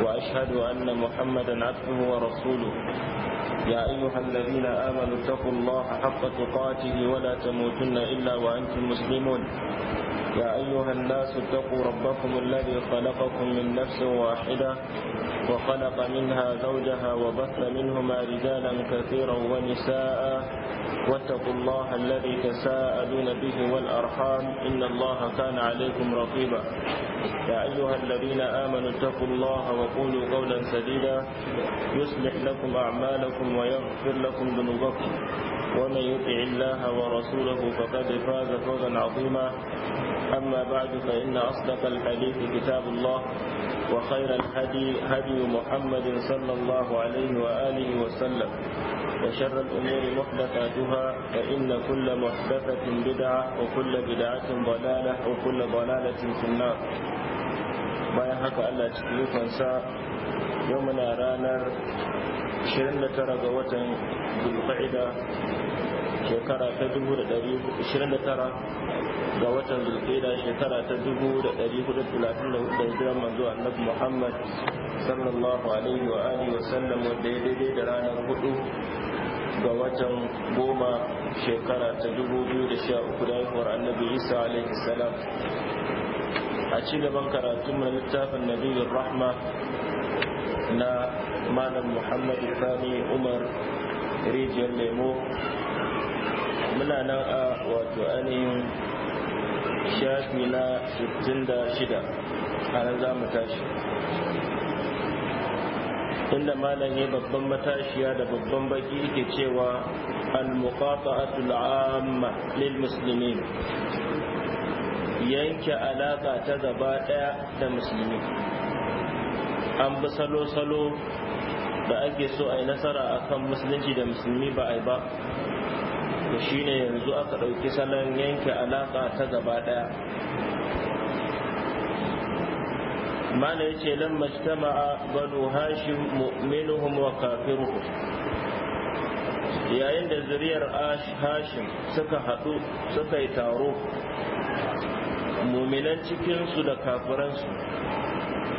وأشهد أن محمدا عبده ورسوله يا أيها الذين آمنوا اتقوا الله حق تقاته ولا تموتن إلا وأنتم مسلمون يا أيها الناس اتقوا ربكم الذي خلقكم من نفس واحدة وخلق منها زوجها وبث منهما رجالا كثيرا ونساء واتقوا الله الذي تساءلون به والأرحام إن الله كان عليكم رقيبا يا أيها الذين آمنوا اتقوا الله وقولوا قولا سديدا يصلح لكم أعمالكم ويغفر لكم ذنوبكم ومن يطع الله ورسوله فقد فاز فوزا عظيما أما بعد فإن أصدق الحديث كتاب الله وخير الهدي هدي محمد صلى الله عليه وآله وسلم وشر الأمور محدثاتها فإن كل محدثة بدعة وكل بدعة ضلالة وكل ضلالة في النار bayan haka الله cikin ikonsa يومنا رانر 29 ga watan zulqa'ida shekara ta 29 ga watan zulqa'ida shekara ta 1434 da hijiran manzo annabi Muhammad sallallahu alaihi wa alihi wa sallam wanda ya daidai da ranar 4 ga watan goma shekara ta 2013 da haihuwar annabi Isa alaihi salam a ci gaban karatun littafin nabiyyin rahma na malam muhammad sani umar rijiyar lemo muna nan a wato ainihin shafi na 66 a nan za mu tashi inda malam ya babban matashiya da babban baki ke cewa al-muqata'atul 'amma lil muslimin yanke alaƙa ta gaba ɗaya da musulmi an bi salo-salo da ake so a yi nasara kan musulunci da musulmi ba a yi ba da ne yanzu aka ɗauki salon yanke alaƙa ta gaba ɗaya mana ya ce lan a banu hashim mu'minuhum wa kafiruhum yayin da zuriyar hashim suka haɗu suka yi taro muminan cikinsu da kafiransu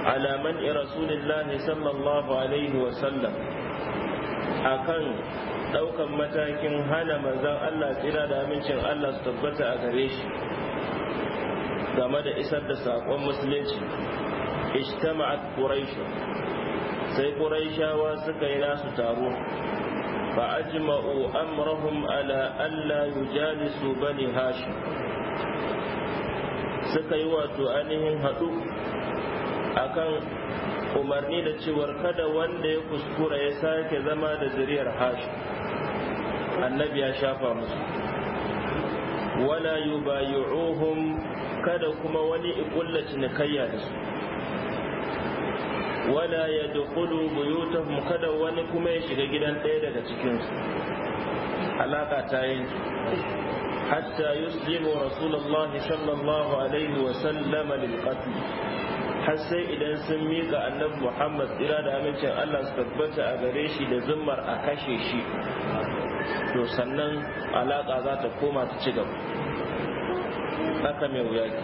ala man rasulillahi sallallahu alaihi wasallam akan daukan matakin hana manzon Allah tsira da amincin Allah su tabbata a gare shi game da isar da sakon musulunci ijtama'at quraish sai quraishawa suka yi nasu taro fa ajma'u amrahum ala alla yujalisu bani hashim suka yi wato ainihin haɗu akan umarni da cewar kada wanda ya kuskura ya sake zama da zuriyar hashi annabi ya shafa musu wala yubayi'uhum kada kuma wani ikulla cinikayya da su wala ya dukulu buyutahum kada wani kuma ya shiga gidan ɗaya daga cikinsu alaka ta yanki hatta yuslimu rasulullahi sallallahu alaihi wa sallama lil qatl har sai idan sun miƙa annabi muhammad tsira da amincin allah su tabbata a gare shi da zimmar a kashe shi to sannan alaƙa za ta koma ta ci gaba haka mai wuya ke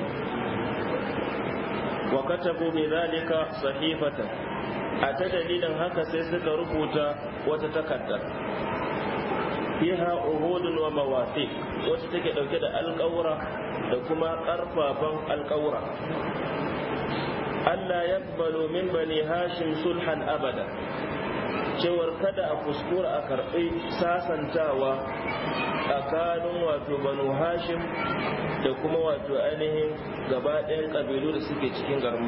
wa katabu bi zalika sahifatan a ta dalilin haka sai suka rubuta wata takarda fiha uhudun wa mawafiq wata take dauke da alƙawura da kuma ƙarfafan alƙawura Allah ya min bani hashim sulhan abada cewar kada a kuskura a karɓi sasantawa a kanun wato banu hashim da kuma wato ainihin ɗayan ƙabilu da suke cikin garin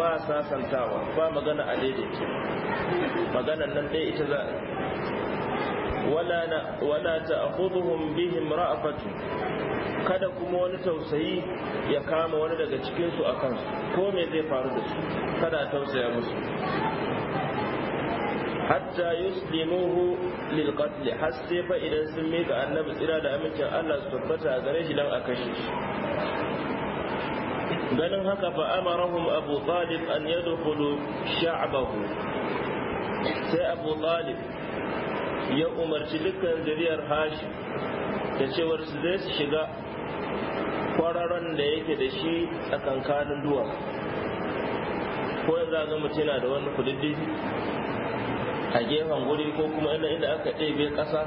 ba sasantawa ba magana a daidaita maganan nan ɗaya ita za wala wala ta'khudhuhum bihim ra'fatun kada kuma wani tausayi ya kama wani daga cikin su akan ko me zai faru da su kada tausaya musu hatta yuslimuhu lil qatl har fa idan sun mika annabi tsira da amincin Allah su tabbata a gare shi dan a kashe shi ganin haka fa amarahum abu talib an yadkhulu sha'bahu sai abu talib ya umarci dukkan zuriyar Hashi da cewar su zai su shiga kwararon da yake da shi a kankanin duwa ko yanzu zaga mutum yana da wani kududdufi a gefen guri ko kuma inda inda aka ɗebe ƙasa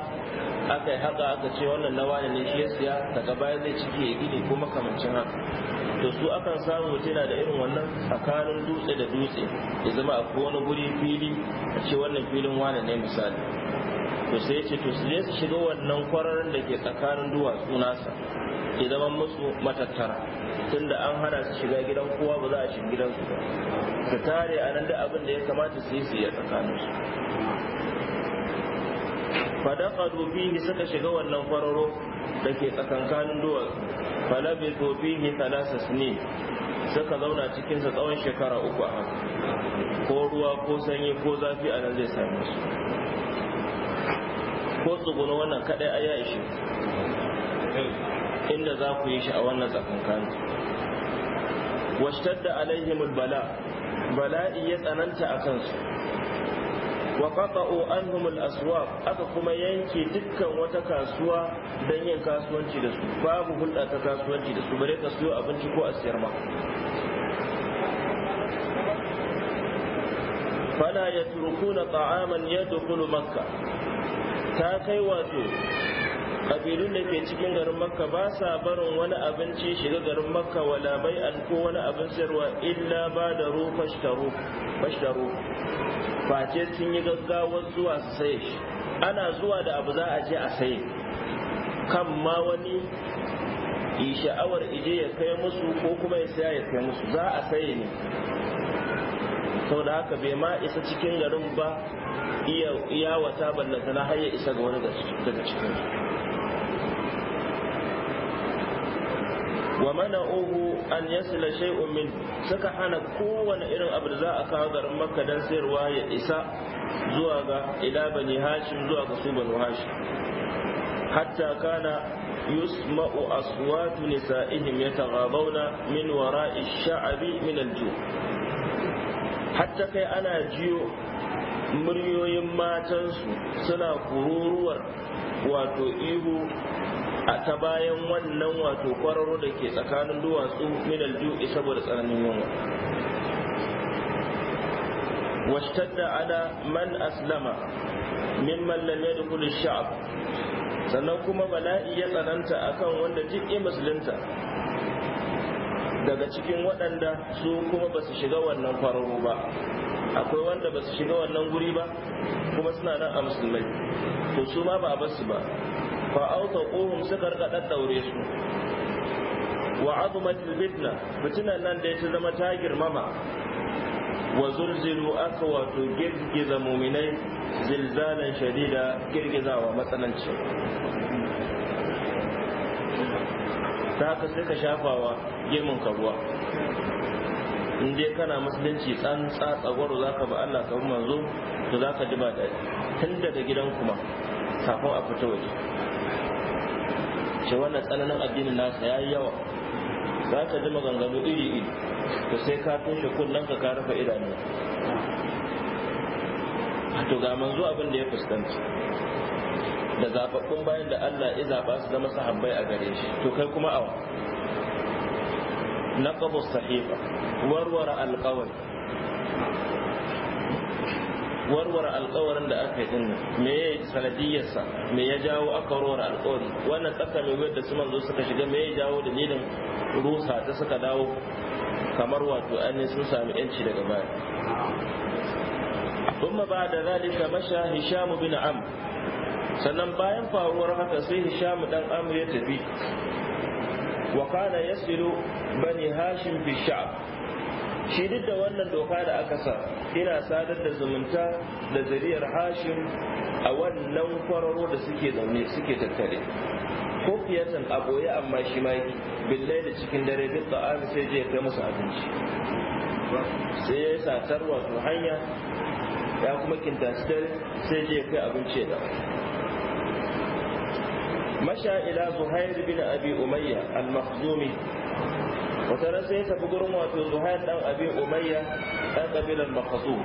aka yi haka aka ce wannan na wani ne shi ya siya daga baya zai cike ya gini ko makamancin haka to su akan samu mutum da irin wannan tsakanin dutse da dutse ya zama a wani guri fili a ce wannan filin wani ne misali to sai ya ce to su je su shiga wannan kwararin da ke tsakanin duwatsu nasa ke zama musu matattara tunda an hana su shiga gidan kowa ba za a shiga gidansu ba su tare a nan da abin da ya kamata su yi su yi a tsakanin su fadaqadu fihi suka shiga wannan kwararo da ke tsakankanin duwatsu falabithu fihi thalatha sinin suka zauna cikinsa tsawon shekara uku a haka ko ruwa ko sanyi ko zafi a nan zai same su ko tsuguna wannan kadai a ya ishe inda za ku yi shi a wannan tsakankan washtar da alaihimul bala bala'i ya tsananta a kansu wa qata'u anhumul aswaq aka kuma yanke dukkan wata kasuwa don yin kasuwanci da su babu hulɗa ta kasuwanci da su bare ka siyo abinci ko a siyar ma fala yatrukuna ta'aman yadkhulu makka ta kai wato ƙabilun da ke cikin garin makka ba sa barin wani abinci shiga garin makka wala bai an ko wani abin sayarwa illa ba da ru fashtaru face sun yi gaggawar zuwa su saye ana zuwa da abu za a je a saye kan ma wani yi sha'awar ije ya kai musu ko kuma ya saya ya kai musu za a saye ne saboda haka bai ma isa cikin garin ba iya wata ballanta na hanyar isa ga wani daga cikin wa mana uhu an yasila shai min suka hana kowane irin abu da za a kawo garin makka don sayarwa ya isa zuwa ga ila bani hashim zuwa ga su banu hashim hatta kana yusma'u aswatu nisa'ihim yataghabawna min wara'i ash-sha'bi min al jum hatta kai ana jiyo muryoyin matansu suna kururuwar wato ihu a ta bayan wannan wato kwararo da ke tsakanin duwatsu minal ju'i saboda tsananin yunwa washtadda ala man aslama mimman lam yadkhul ash-sha'b sannan kuma bala'i ya tsananta akan wanda duk ya musulunta daga cikin waɗanda su kuma ba su shiga wannan kwararru ba akwai wanda ba su shiga wannan guri ba kuma suna nan a musulmai to su ma ba a basu ba fa auka kohum su rika ɗaure su wa azumat fitna fitinan nan da ya zama ta girmama wa zulzilu aka wato girgiza muminai zilzalan shadida girgizawa matsananci ta haka sai ka shafawa gemun ka ruwa in dai kana musulunci tsan tsatsagwaro za ka ba Allah ka manzo to za ka ji ba daɗi tun daga gidan kuma kafin a fita waje ce wannan tsananin addinin nasa ya yi yawa za ka ji maganganu iri iri to sai ka toshe kullum ka ka rufe idanu to ga manzo abin da ya fuskanta da zababbun bayan da Allah ya zaba su zama sahabbai a gare shi to kai kuma awa naqabu sahifa warwara alqawl warware alkawarin da aka yi din nan me ya sa me ya jawo aka warware alkawari wannan tsaka mai wuyar da su manzo suka shiga me ya jawo dalilin rusa ta suka dawo kamar wato ainihin sun sami yanci daga baya ثم بعد ذلك مشى هشام بن عمرو sannan bayan faruwar haka sai هشام dan عمرو ya tafi wakana بني هاشم bani hashim fi shi duk da wannan doka da aka sa ina sadar da zumunta da zariyar hashim a wannan kwararo da suke zaune suke tattare ko fiyatan a boye amma shi ma billai da cikin dare duk da sai je ya kai musu abinci sai ya satar wato hanya ya kuma kinta sai je kai abinci ya dawo masha ila zuhair bin abi umayya al-makhzumi wata sai ya tafi gurin wato zuhair dan abi umayya dan kabilan makhzum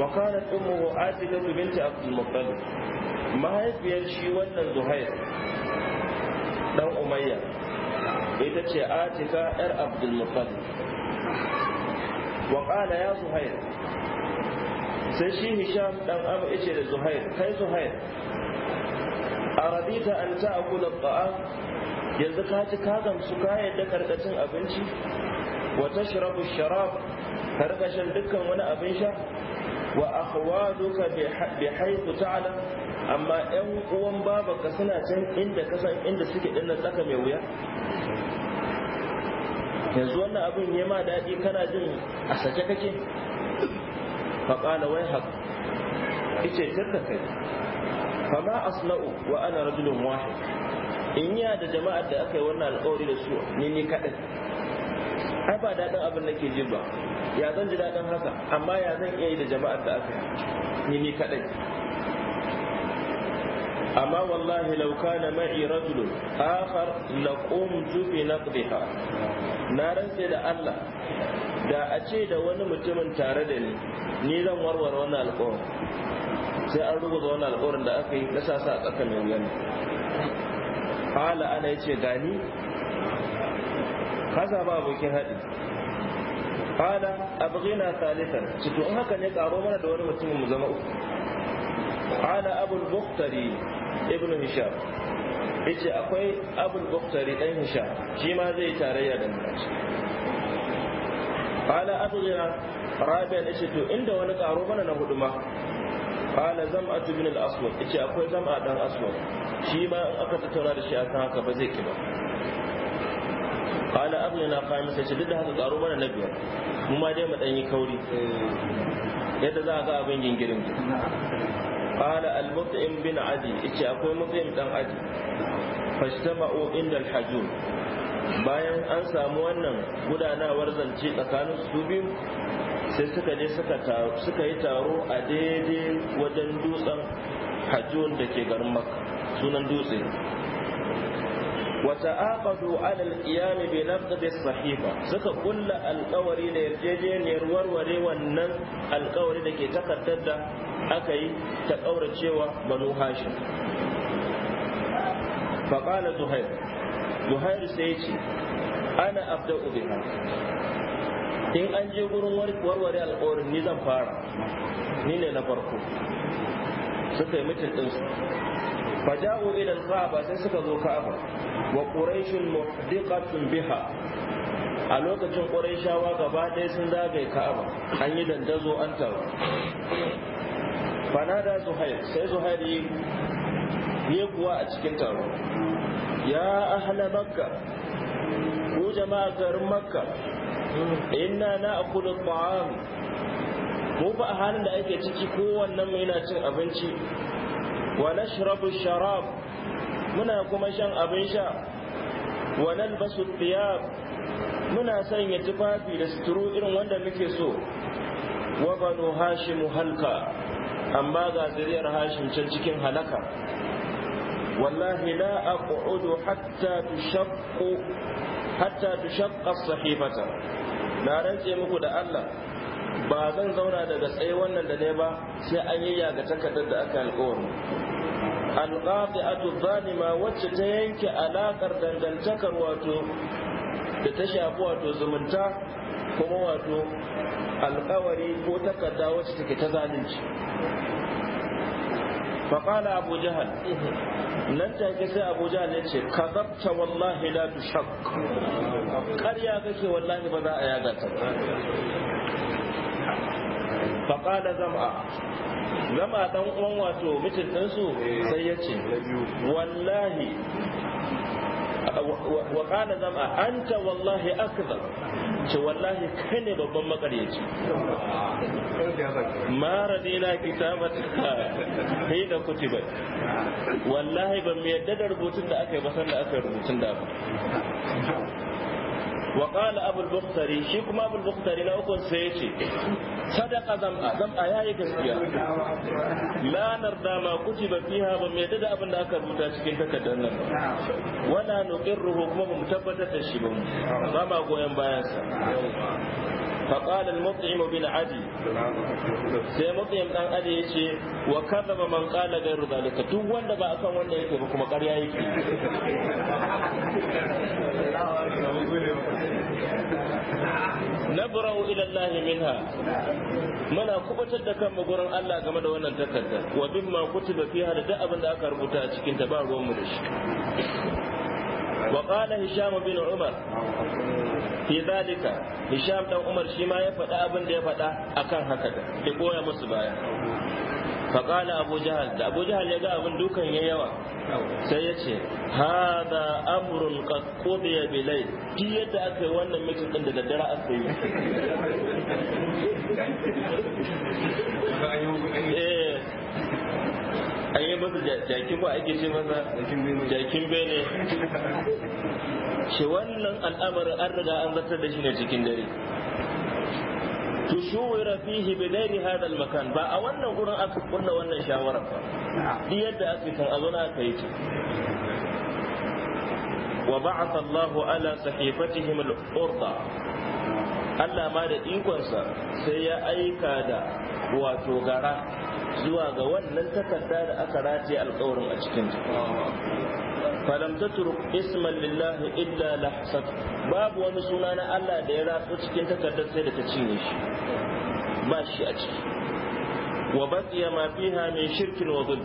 wa kanat ummuhu atila binti abdul muttalib mahaifiyar shi wannan zuhair dan umayya ita ce atika yar abdul muttalib wa qala ya zuhair sai shi hisham dan abu yace da zuhair kai zuhair aradita an ta'kula ta'am yanzu ka ci ka gamsu ka yadda cin abinci wa tashrabu sharab ka rika shan dukkan wani abin sha wa akhwaduka bi haythu ala? amma yan uwan babanka suna can inda ka san inda suke dinnan tsaka mai wuya yanzu wannan abin ne ma daɗi kana jin a sake kake faƙala wai haƙ ice tarda kai ma asla'u wa ana rajulun wahid in ya da jama'ar da aka yi wannan alƙawari da su ni ni kaɗai ai ba daɗin abin nake jin ba ya zan ji daɗin haka amma ya zan iya yi da jama'ar da aka yi ni ni kaɗai amma wallahi law kana ma'i rajulun akhar laqumtu bi naqdiha na rantse da Allah da a ce da wani mutumin tare da ni ni zan warware wani alƙawar sai an rubuta wani alƙawar da aka yi kasa sa a tsakanin wuyan Hala ana ya ce gani kasa ba abokin haɗi hala abghina salisan cito in haka ne karo mana da wani mutumin mu zama uku hala abul buktari ibn hisham yace akwai abul buktari dan hisham shi ma zai tarayya da mu qala abdina rabi'a ce to inda wani karo mana na hudu ma qala zam'atu bin al-aswad ce akwai zam'a dan asuwa shi ma in aka tattauna da shi akan haka ba zai kiba qala kayan khamis ce duk da haka karo mana na biyar mu ma dai mu dan yi kauri yadda za a ga abin gingirin قال bin adi عدي إيش أقول مطعم بن عدي فاجتمعوا عند الحجون bayan an samu wannan gudanawar zance tsakanin su biyu sai suka je suka yi taro a daidai wajen dutsen hajjun da ke garin maka sunan dutse وتعاقدوا على القيام بنقض الصحيفة suka kulla alkawari da yarjejeniyar warware wannan alkawari da ke takardar da aka yi ta cewa banu hashim faqala zuhair zuhairu sai ya ce ana abda ubiha in an je gurin warware alkawarin ni zan fara ni ne na farko suka yi mutum su. Fajawo idan ba sai suka zo ka'aba wa quraishun muhdiqatun biha a lokacin quraishawa gaba ɗaya sun zagaye ka'aba an yi dandazo an taro fanada zuhair sai zuhair yi kuwa a cikin taro ya ahla makka ku jama'a garin makka inna na akulu ta'am mu ba halin da ake ciki wannan mai na cin abinci wa nashrabu sharab muna kuma shan abin sha wa nalbasu thiyab muna sanya tufafi da suturu irin wanda muke so wa banu hashimu halka amma ga zuriyar hashim can cikin halaka wallahi la aqudu hatta tushaqqu hatta tushaqqa na rantse muku da Allah ba zan zauna daga tsaye wannan da ne ba sai an yi yaga takardar da aka alƙawari alqati'atu zalima wacce ta yanke alaƙar dangantakar wato da ta shafi wato zumunta kuma wato alƙawari ko takarda wacce take ta zalunci فقال أبو جهل لن تهكسي أبو جهل يتشي كذبت والله لا تشك قريا بك والله بدا آياتك فقال زمأ زمأ تنقوان واتو مثل تنسو سيتشي والله wa qala zama anta wallahi akbar ce wallahi kai ne babban makaryaci ma radina kitabatka kai da kutiba wallahi ban mu yadda da rubutun da aka yi ba san da aka yi rubutun da ba wa qala abul bukhtari shi kuma abul bukhtari na uku sai yace sadaqa zam'a zam'a yayi gaskiya la narda ma kutiba fiha ba mai da abin da aka rubuta cikin takardar nan wala nuqirruhu kuma bamu mu tabbatar da shi ba ba ma goyen bayansa فقال المطعم بن عدي sai mutum dan aji ya ce wa kadaba man qala ghayru zalika duk wanda ba akan wanda yake ba kuma ƙarya yake nabra'u ila Allah minha muna kuɓatar da kanmu gurin Allah game da wannan takarda wa bimma kutiba fiha da duk abin da aka rubuta a cikin ta ba ruwan mu da shi وقال هشام bin umar fi zalika hisham dan umar shi ma ya faɗi abin da ya faɗa akan haka da ya koya musu baya faƙala abu jahal da abu jahal ya ga abin dukan ya yawa sai ya ce hada amrun qad qudiya bi yadda aka yi wannan mitin din da daddare aka yi an yi masa jakin ba ake ce masa jakin bene shi wannan al'amarin an riga an zartar da shi ne cikin dare tushuwira fihi bi ghairi hadal al makan ba a wannan gurin aka kunna wannan shawara ba duk yadda aka kan a zauna aka yi ta wa ba'atha Allahu ala sahifatihim al-urda Allah ma da ikonsa sai ya aika da wato gara zuwa ga wannan takarda da aka rataye alkawarin a cikin falam tatruk isman lillahi illa lahsat babu wani suna na Allah da ya ratso cikin takardar sai da ta cinye shi ba shi a ciki wa baqiya ma fiha min shirkin wa dhulm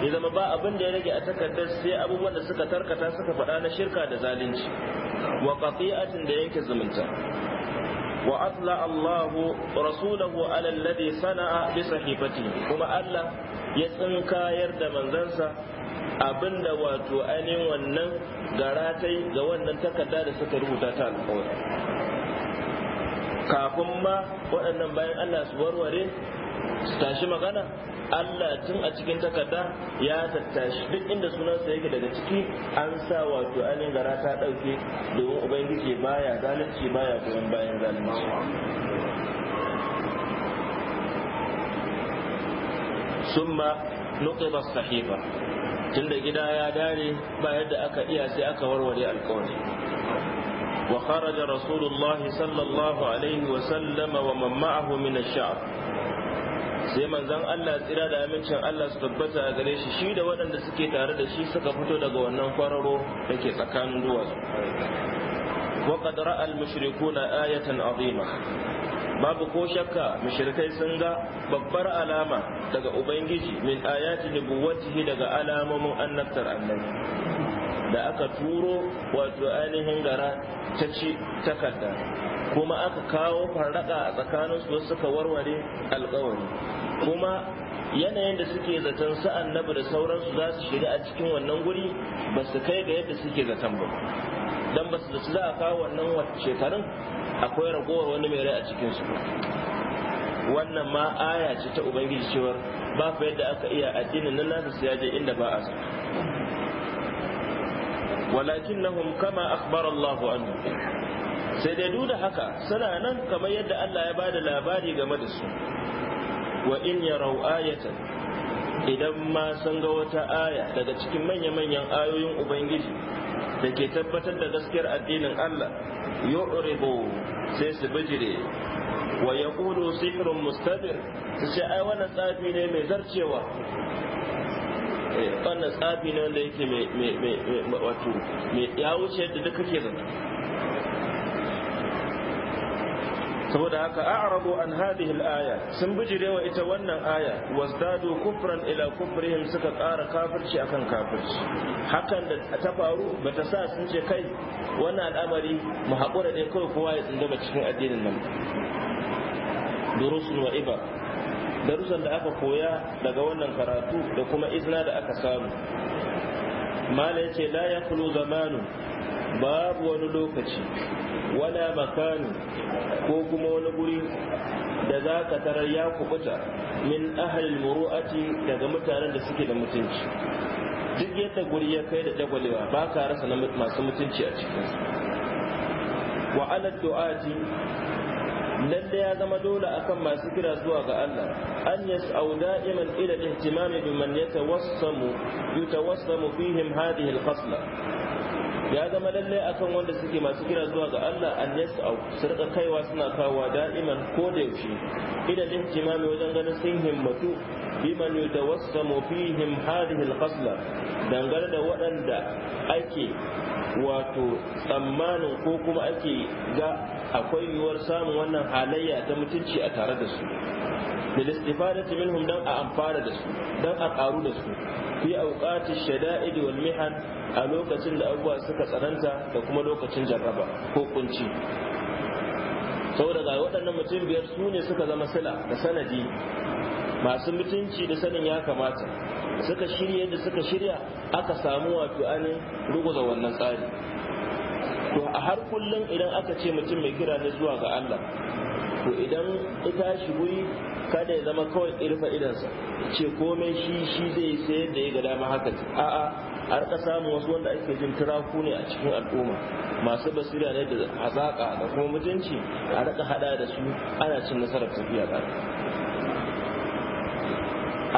ya zama ba abin da ya rage a takardar sai abubuwan da suka tarkata suka faɗa na shirka da zalunci wa qati'atin da yanke zumunta wa atla Allahu rasulahu ala sanaa bi sahifati kuma Allah ya tsinka yarda manzansa abinda wato ainin wannan garatai ga wannan takarda da suka rubuta ta alƙawari kafin ma waɗannan bayan Allah su warware tashi magana Allah tun a cikin takarda ya tattashi duk inda sunansa yake daga ciki an sa wato ainihin gara ta ɗauke domin ubangiji baya zalunci baya goyon bayan zalunci summa nuqiba sahiba tunda gida ya dare ba yadda aka iya sai aka warware alƙawari rasulullahi sallallahu alaihi wa sallama wa man ma'ahu min ash-sha'r sai manzon Allah tsira da amincin Allah su tabbata a gare shi shi da waɗanda suke tare da shi suka fito daga wannan kwararo da ke tsakanin duwatsu وقد رأى المشركون آية azima babu ko shakka mushrikai sun ga babbar alama daga ubangiji min ayati nubuwwatihi daga alamomin annabtar annabi da aka turo wato ainihin gara ta ci takarda kuma aka kawo farraka a tsakanin su suka warware alkawari kuma yanayin da suke zaton su annabi da sauransu za su shiga a cikin wannan guri ba su kai ga yadda suke zaton ba don ba su zaci za a kawo wannan shekarun akwai ragowar wani mai rai a cikinsu wannan ma aya ce ta ubangiji cewar ba fa yadda aka iya addinin nan nasa su inda ba a so Walakin na akhbara Allah anhu sai dai duk da haka suna nan kamar yadda Allah ya bada labari game da su wa in yarau ayatan idan ma sun ga wata aya daga cikin manya-manyan ayoyin ubangiji da ke tabbatar da gaskiyar addinin Allah yu'ribu sai su bijire wa yaqulu sihrun mustabir su ce ai wannan tsafi ne mai zarcewa wannan tsafi ne wanda yake wato ya wuce yadda duk kake zata saboda haka arabo an hadhihi al-aya sun bijirewa ita wannan aya wasdadu kufran ila kufrihim suka ƙara kafirci akan kafirci hakan da ta faru ba ta sa sun ce kai wannan al'amari mu haƙura ne kawai kowa ya tsindaba cikin addinin nan durusun wa ibar darussan da aka koya daga wannan karatu da kuma izina da aka samu mala yace la kulu zamanu babu wani lokaci wala makani ko kuma wani guri da za ka tarar ya kubuta min ahalil muru'ati daga mutanen da suke da mutunci duk yadda guri ya kai da dagwalewa ba ka rasa masu mutunci a cikin Wa'alar ala du'ati lalle ya zama dole akan masu kira zuwa ga Allah an yas'au da'iman ila ihtimami biman yatawassamu yatawassamu fihim hadhihi al-khasla ya zama lalle akan wanda suke masu kira zuwa ga Allah an yas'au su rika kaiwa suna kawowa da'iman ko da yaushe ila ihtimami wajen ganin sun himmatu biman yutawassamu fihim hadhihi alqasla dangane da waɗanda ake wato tsammanin ko kuma ake ga akwai yiwuwar samun wannan halayya ta mutunci a tare da su da istifada ta minhum dan a amfana da su dan a karu da su fi awqati shada'id wal mihan a lokacin da abubuwa suka tsananta da kuma lokacin jarraba ko kunci saboda ga waɗannan mutum biyar su ne suka zama sila da sanadi masu mutunci da sanin ya kamata suka shirya da suka shirya aka samu wato an ruguza wannan tsari to a har kullum idan aka ce mutum mai kira ne zuwa ga Allah to idan ita shi guri kada ya zama kawai irfa idansa ce komai shi shi zai sayar da ya ga dama haka ce a'a har ka samu wasu wanda ake jin turaku ne a cikin al'umma masu basira ne da hazaƙa da kuma mutunci a raka hada da su ana cin nasarar tafiya ba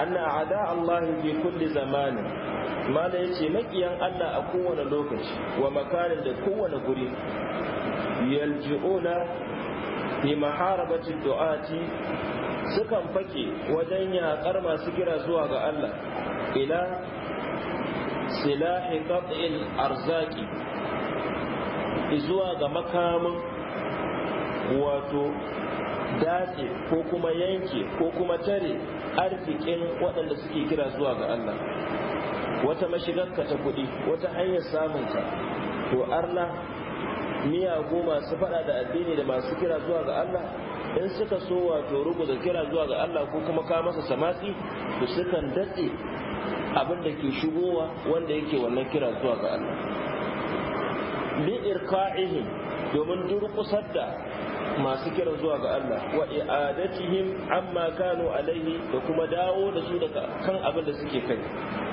anna ada Allah bi kulli zamanin mala yace makiyan Allah a kowane lokaci wa makarin da kowane guri yalji'una fi maharabati du'ati sukan fake wajen yaƙar masu kira zuwa ga Allah ila silahi qat'il arzaki zuwa ga makamin wato dace ko kuma yanke ko kuma tare arzikin waɗanda suke kira zuwa ga Allah wata mashigarka ta kuɗi wata hanyar samunka to Allah miyagu masu fada da addini da masu kira zuwa ga Allah in suka so wato da kira zuwa ga Allah ko kuma ka masa samaki to sukan datse abin da ke shigowa wanda yake wannan kira zuwa ga Allah bi irka'ihim domin durƙusar da masu kira zuwa ga Allah wa i'adatihim amma kanu alaihi da kuma dawo da su daga kan abin da suke kai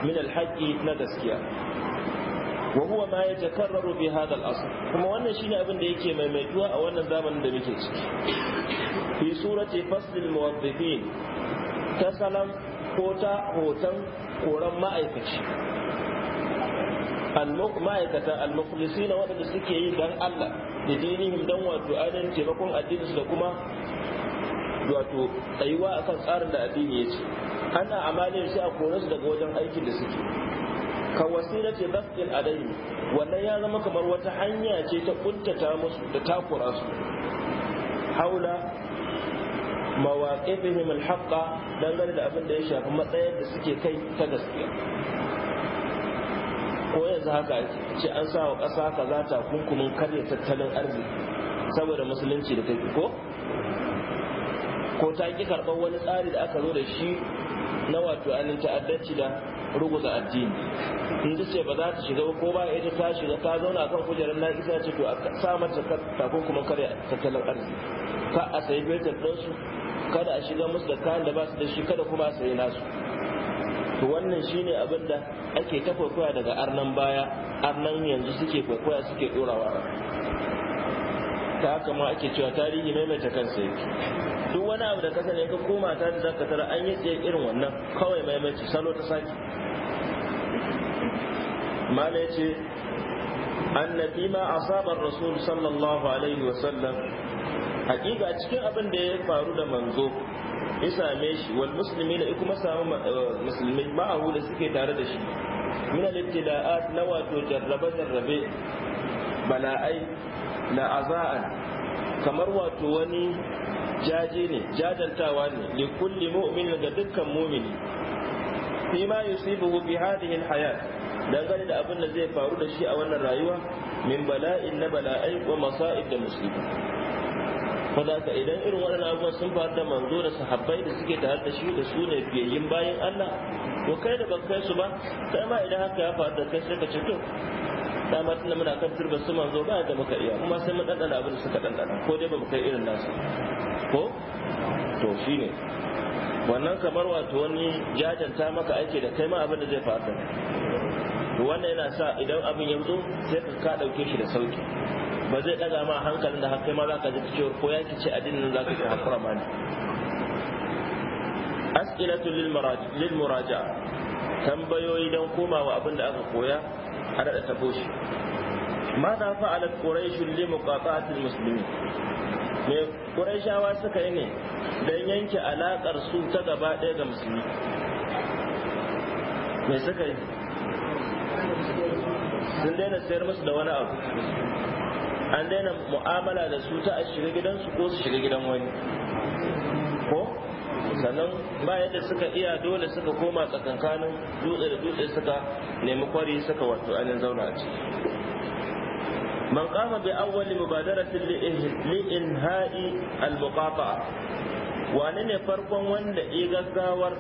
min alhaqi na gaskiya wa huwa ma takarraru bi hadha al-asr kuma wannan shine abin da yake maimaituwa a wannan zamanin da muke ciki fi surati faslil muwaddifin ta salam ko ta hoton koran ma'aikaci ma'aikata al-mukhlisi na waɗanda suke yi dan Allah da dinihim dan wato ainihin taimakon addini da kuma wato tsayuwa akan tsarin da addini ya ce ana amalin sai a kore su daga wajen aikin da suke ka wasilati a alayhi wannan ya zama kamar wata hanya ce ta kuntata musu da takura su haula mawaqifihim don dangane da abin da ya shafi matsayar da suke kai ta gaskiya ko yanzu haka ce an sa wa ƙasa kaza takunkumin karya tattalin arziki saboda musulunci da take ko ko ta ki karɓar wani tsari da aka zo da shi na wato anin ta'addanci da ruguza addini in ce ba za ta shiga ko ba ita ta shiga ta zauna kan kujerar na isa ce to a sa mata kafin kuma kare tattalin arziki ka a sayi betar ɗansu kada a shiga musu da kayan da ba su da shi kada kuma a sayi nasu to wannan shine abin da ake ta kwaikwaya daga arnan baya arnan yanzu suke kwaikwaya suke ɗorawa ta haka ma ake cewa tarihi maimaita kansa yake duk wani abu da ka sani ka koma ta da zaka tara an yi tsaye irin wannan kawai maimaita salo ta saki mala yace anna ma asaba rasul sallallahu alaihi wa sallam hakika cikin abin da ya faru da manzo ya same shi wal muslimi da kuma samu eh, musulmi a da suke tare da shi min al-ibtila'at na wato jarrabe jarrabe bala'ai Na la'aza'an kamar wato wani jaje ne jajantawa ne li kulli mu'minin ga dukkan mu'mini fi ma yusibuhu bi hadhihi alhayat dangane da abin da zai faru da shi a wannan rayuwa min bala'in na bala'i wa masa'ib da musiba fadaka idan irin waɗannan abubuwan sun faru da manzo da sahabbai da suke tare da shi da su ne bayan Allah to kai da ban su ba sai ma idan haka ya faru da kai sai ka ce to dama tunda muna kan turba su manzo ba da muka iya kuma sai mu ɗanɗana abin da suka ɗanɗana ko dai ba mu kai irin nasu ko to shine wannan kamar wato wani jajanta maka aiki da kai ma abin da zai faru to wannan yana sa idan abin ya zo sai ka ɗauke shi da sauki ba zai ɗaga ma hankalin da kai ma za ka ji cewar ko ya ce addinin za ji hakura ma ne as'ilatu lil muraja tambayoyi don komawa abin da aka koya a daɗa tabo shi ماذا فعلت li لمقاطعة muslimin me quraishawa suka yi ne don yanke alakar su ta gaba ɗaya ga musulmi me suka yi sun daina sayar musu da wani abu an daina mu'amala da su ta a shiga gidansu ko su shiga gidan wani sannan ba yadda suka iya dole suka koma tsakankanin dutse da dutse suka nemi kwari suka wato ainihin zauna a ciki man kama bi awwali mubadaratin li inha'i al-muqata'a wane ne farkon wanda ya gaggawar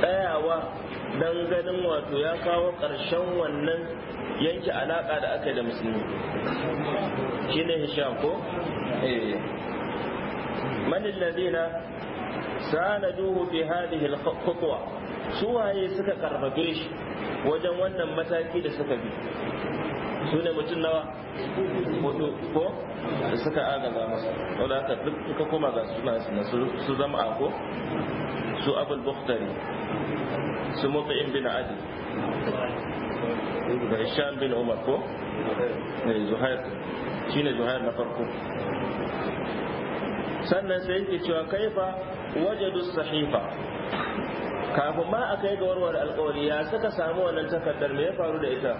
tsayawa dan ganin wato ya kawo ƙarshen wannan yanke alaƙa da aka yi da musulmi shine hisham ko eh. man alladhina sanaduhu fi hadhihi alkhutwa suwaye suka karfafe shi wajen wannan mataki da suka bi su ne mutum nawa hudu ko da suka agaza masa wadda aka duk ka koma ga su zama ako su abul bukhtari su mutu'in bin umar ko na farko sannan sai yake cewa kaifa wajadu sahifa kafin ma a kai ga warware alkawari ya suka samu wannan takardar me ya faru da ita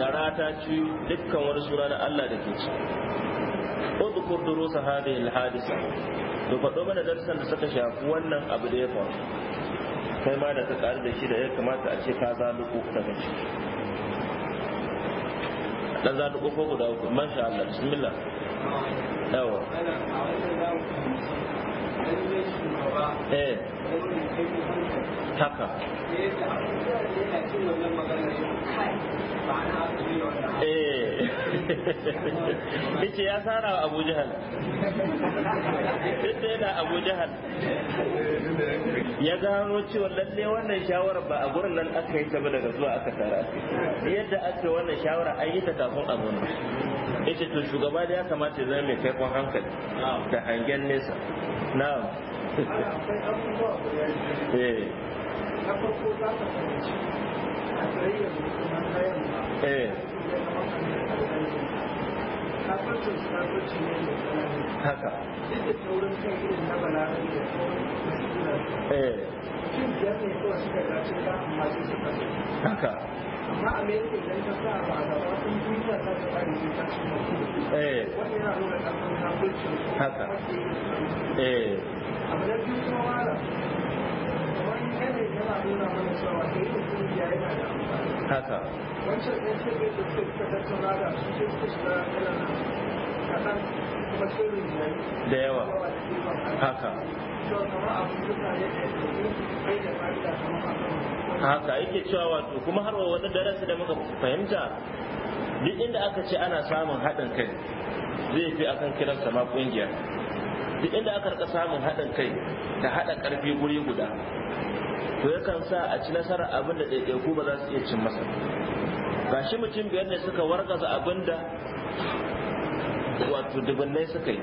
da rata ci dukkan wani sura na Allah da ke ci udkur durusa hadhihi alhadisa to faɗo mana darsan da suka shafi wannan abu da ya faru kai ma da ka ƙari da shi da ya kamata a ce ka zaluku daga ciki dan zaluku ko guda uku masha Allah bismillah yawa eh. haka eh yace ya sara wa Abu Jahal yace yana Abu Jahal ya gano cewa lalle wannan shawara ba a gurin nan aka yi ta ba daga zuwa aka tara yadda aka wannan shawara an yi ta kafin a gurin yace to shugaba da ya kamata ya zama mai kaifin hankali da hangen nesa na'am eh na farko ka a haka eh haka eh haka eh. haka da yawa haka haka yake cewa wato kuma har wa wani darasi da muka fahimta duk inda aka ce ana samun haɗin kai zai fi akan kiransa sama ƙungiyar duk inda aka rika samun haɗin kai da haɗa ƙarfi guri guda to yakan sa a ci nasarar abin da ɗaiɗaiku ba za su iya cin masa shi mutum biyar ne suka wargaza abin da wato dubunnai suka yi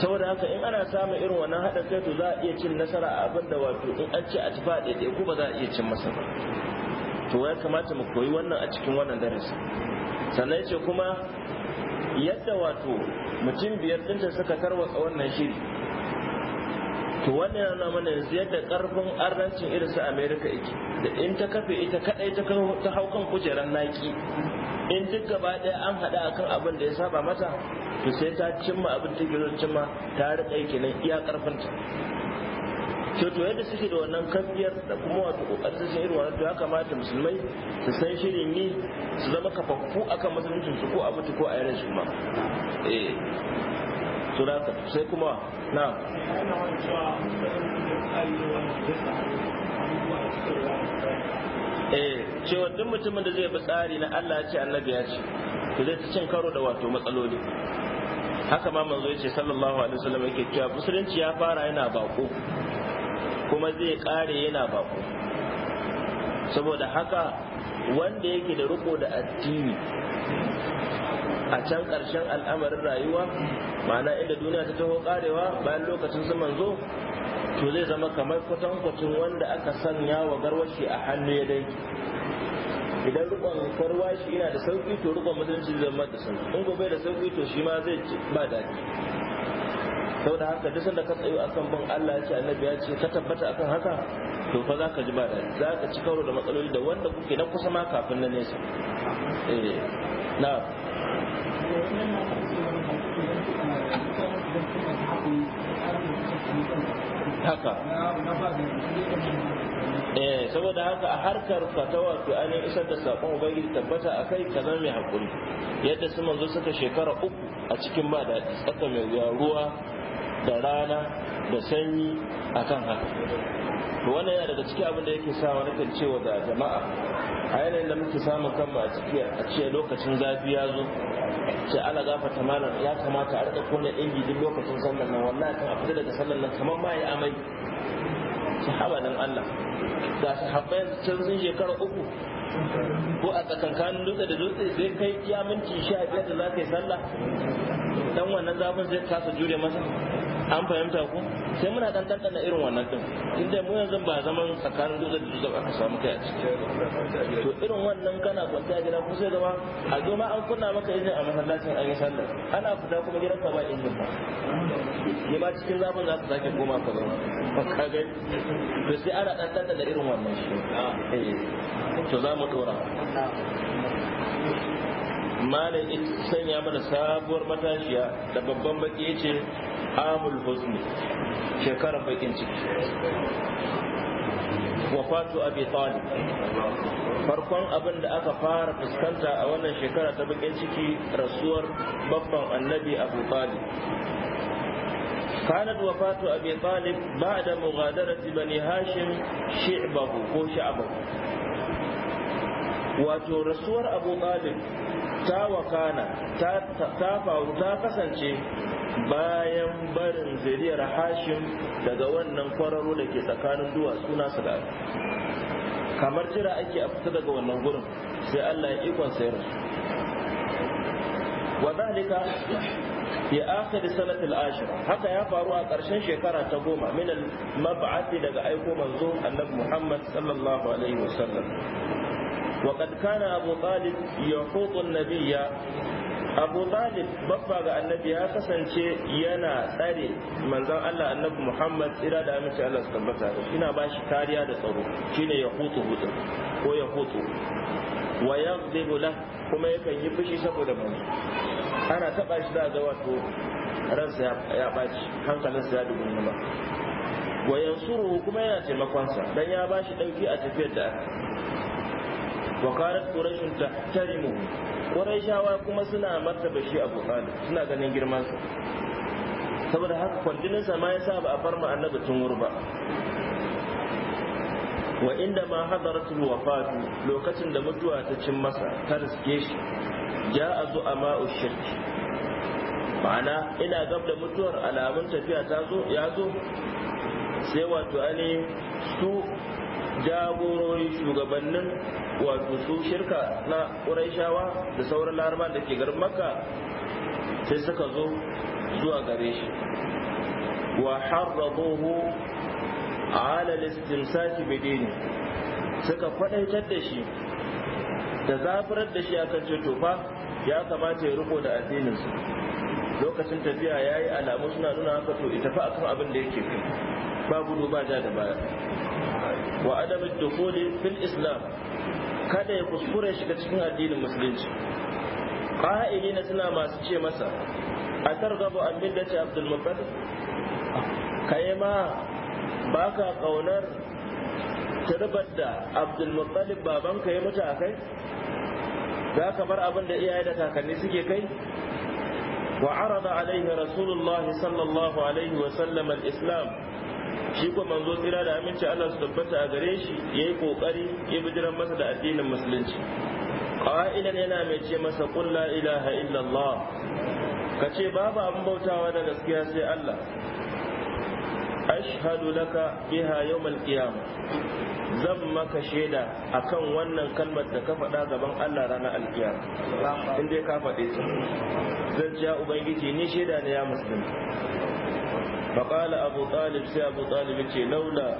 saboda haka in ana samun irin wannan haɗa kai to za a iya cin nasara a abin da wato in an ce a tafi a ɗaiɗaiku ba za a iya cin masa ba to ya kamata mu koyi wannan a cikin wannan darasi sannan ya ce kuma yadda wato mutum biyar ɗinta suka tarwatsa wannan shiri to wannan yana mana yanzu yadda karfin arnancin irin su america ita da in ta kafe ita kadai ta ta haukan kujeran naki in duk gaba daya an haɗa akan abin da ya saba mata to sai ta cimma abin ta gizo cimma ta riƙa yake nan iya karfinta to to yadda suke da wannan kafiyar da kuma wato kokarin su irin wannan to ya kamata musulmai su san shirin ne su zama kafaffu akan musuluncin su ko abu ko a yaran su ma eh sura sai kuma na eh cewa duk mutumin da zai bi tsari na Allah ya ce annabi ya ce to zai cin karo da wato matsaloli haka ma manzo yace sallallahu alaihi wasallam yake cewa musulunci ya fara yana bako kuma zai kare yana bako saboda haka wanda yake da riko da addini a can ƙarshen al'amarin rayuwa ma'ana inda duniya ta taho karewa bayan lokacin zaman zo to zai zama kamar kwatankwacin wanda aka sanya wa garwashi a hannu ya dai idan rukon farwa shi yana da sauki to rukon mutunci zai zama da sauki in gobe da sauki to shi ma zai ba daɗi sau da haka duk sanda ka tsayo a kan bin Allah ya ce annabi ya ce ka tabbata akan haka to fa za ka ji ba da za ka ci karo da matsaloli da wanda kuke na kusa ma kafin na nesa eh na haka eh saboda haka a harkar fatawa to an isar da sakon ubangiji tabbata akai kai ka zama mai hakuri yadda su manzo suka shekara uku a cikin ba da tsaka mai ruwa da rana da sanyi akan haka to wannan yana daga cikin abin da yake sa wani kan cewa da jama'a a yanayin da muke samun kanmu a ciki a ce lokacin zafi ya zo ce ala ta malam ya kamata a rika kunna ingi duk lokacin sallan nan wallahi kan a fita daga sallan nan kamar ma ya amai sahaba nan Allah ga sahabbai can sun shekara uku ko a tsakankanin dutse da dutse zai kai ya minti sha biyar da za ka yi sallah dan wannan zafin zai kasa jure masa an fahimta ku? sai muna dan dan irin wannan din inda mu yanzu ba zaman tsakanin dole da dole aka samu kai a ciki to irin wannan kana kwanta gida ku sai gaba a zo ma an kunna maka izini a masallacin an yi sallar ana fita kuma gidan ka ba izini ba ne ba cikin zafin za su sake koma ka zama ba ka gani to sai ana dan dan da irin wannan shi eh. to za mu dora malai sanya mana sabuwar matashiya da babban baki ya ce amul huzni shekarar bakin ciki wafatu abi talib farkon abin da aka fara fuskanta a wannan shekara ta bakin ciki rasuwar babban annabi abu talib كانت wafatu abi talib ba'da mughadarati bani hashim shi'bahu ko شعبه wato rasuwar abu talib ta wakana ta faru ta kasance bayan barin zuriyar hashim daga wannan kwararo da ke tsakanin duwatsu nasu da kamar jira ake a fita daga wannan gurin sai allah ya ikon sayar wa zalika fi akhir sanat al-ashir haka ya faru a ƙarshen shekara ta goma minan al daga aiko manzo annabi muhammad sallallahu alaihi wasallam وقد كان أبو طالب يحوط النبي abu talib babba ga annabi ya kasance yana tsare manzon allah annabi muhammad ira da amince allah su tabbata ina ba shi kariya da tsaro shine ya hutu hutu ko ya hutu wa yaghdibu la kuma yakan yi fushi saboda mu. ana taba shi da ga wato ransa ya baci hankalinsa ya dubu nima wa yansuru kuma yana taimakonsa dan ya bashi dauki a tafiyar da wa qalat quraish tahtarimu quraishawa kuma suna martaba shi abu talib suna ganin girman sa saboda haka kwandinin sa ma yasa ba a farma annabi tun wurba wa inda ma hadaratul wafatu lokacin da mutuwa ta cin masa ta riske shi ja'a zu'ama'u shirk ma'ana ina gab da mutuwar alamun tafiya ta ya zo sai wato ani su jagorori shugabannin wato su shirka na ƙuraishawa da sauran laraba da ke garin makka sai suka zo zuwa gare shi wa harrabuhu ala listimsaki bidini suka faɗaitar da shi da zafirar da shi akan kan to fa ya kamata ya riko da addininsu lokacin tafiya ya yi alamu suna nuna haka to ita fa akan abin da yake kai ba ba ja da baya wa adam ad fil islam kada ya kuskure shiga cikin addinin musulunci qa'ilina suna masu ce masa atargabu an millati abdul muttalib kai ma baka kaunar turbar da abdul muttalib babanka ya mutu a kai za ka bar abin da iyaye da kakanni suke kai wa arada alaihi rasulullah sallallahu alaihi wa sallam al-islam shi ko manzo tsira da aminci Allah su tabbata a gare shi yayi kokari ya bijiran masa da addinin musulunci qa'ilan yana mai ce masa qul la ilaha illallah kace babu abin bautawa da gaskiya sai Allah ashhadu laka biha yawmal qiyamah zan maka shaida akan wannan kalmar da ka faɗa gaban Allah ranar alkiyama in dai ka faɗe ta zan ja ubangiji ni shaida ne ya musulmi فقال أبو طالب ce أبو طالب لولا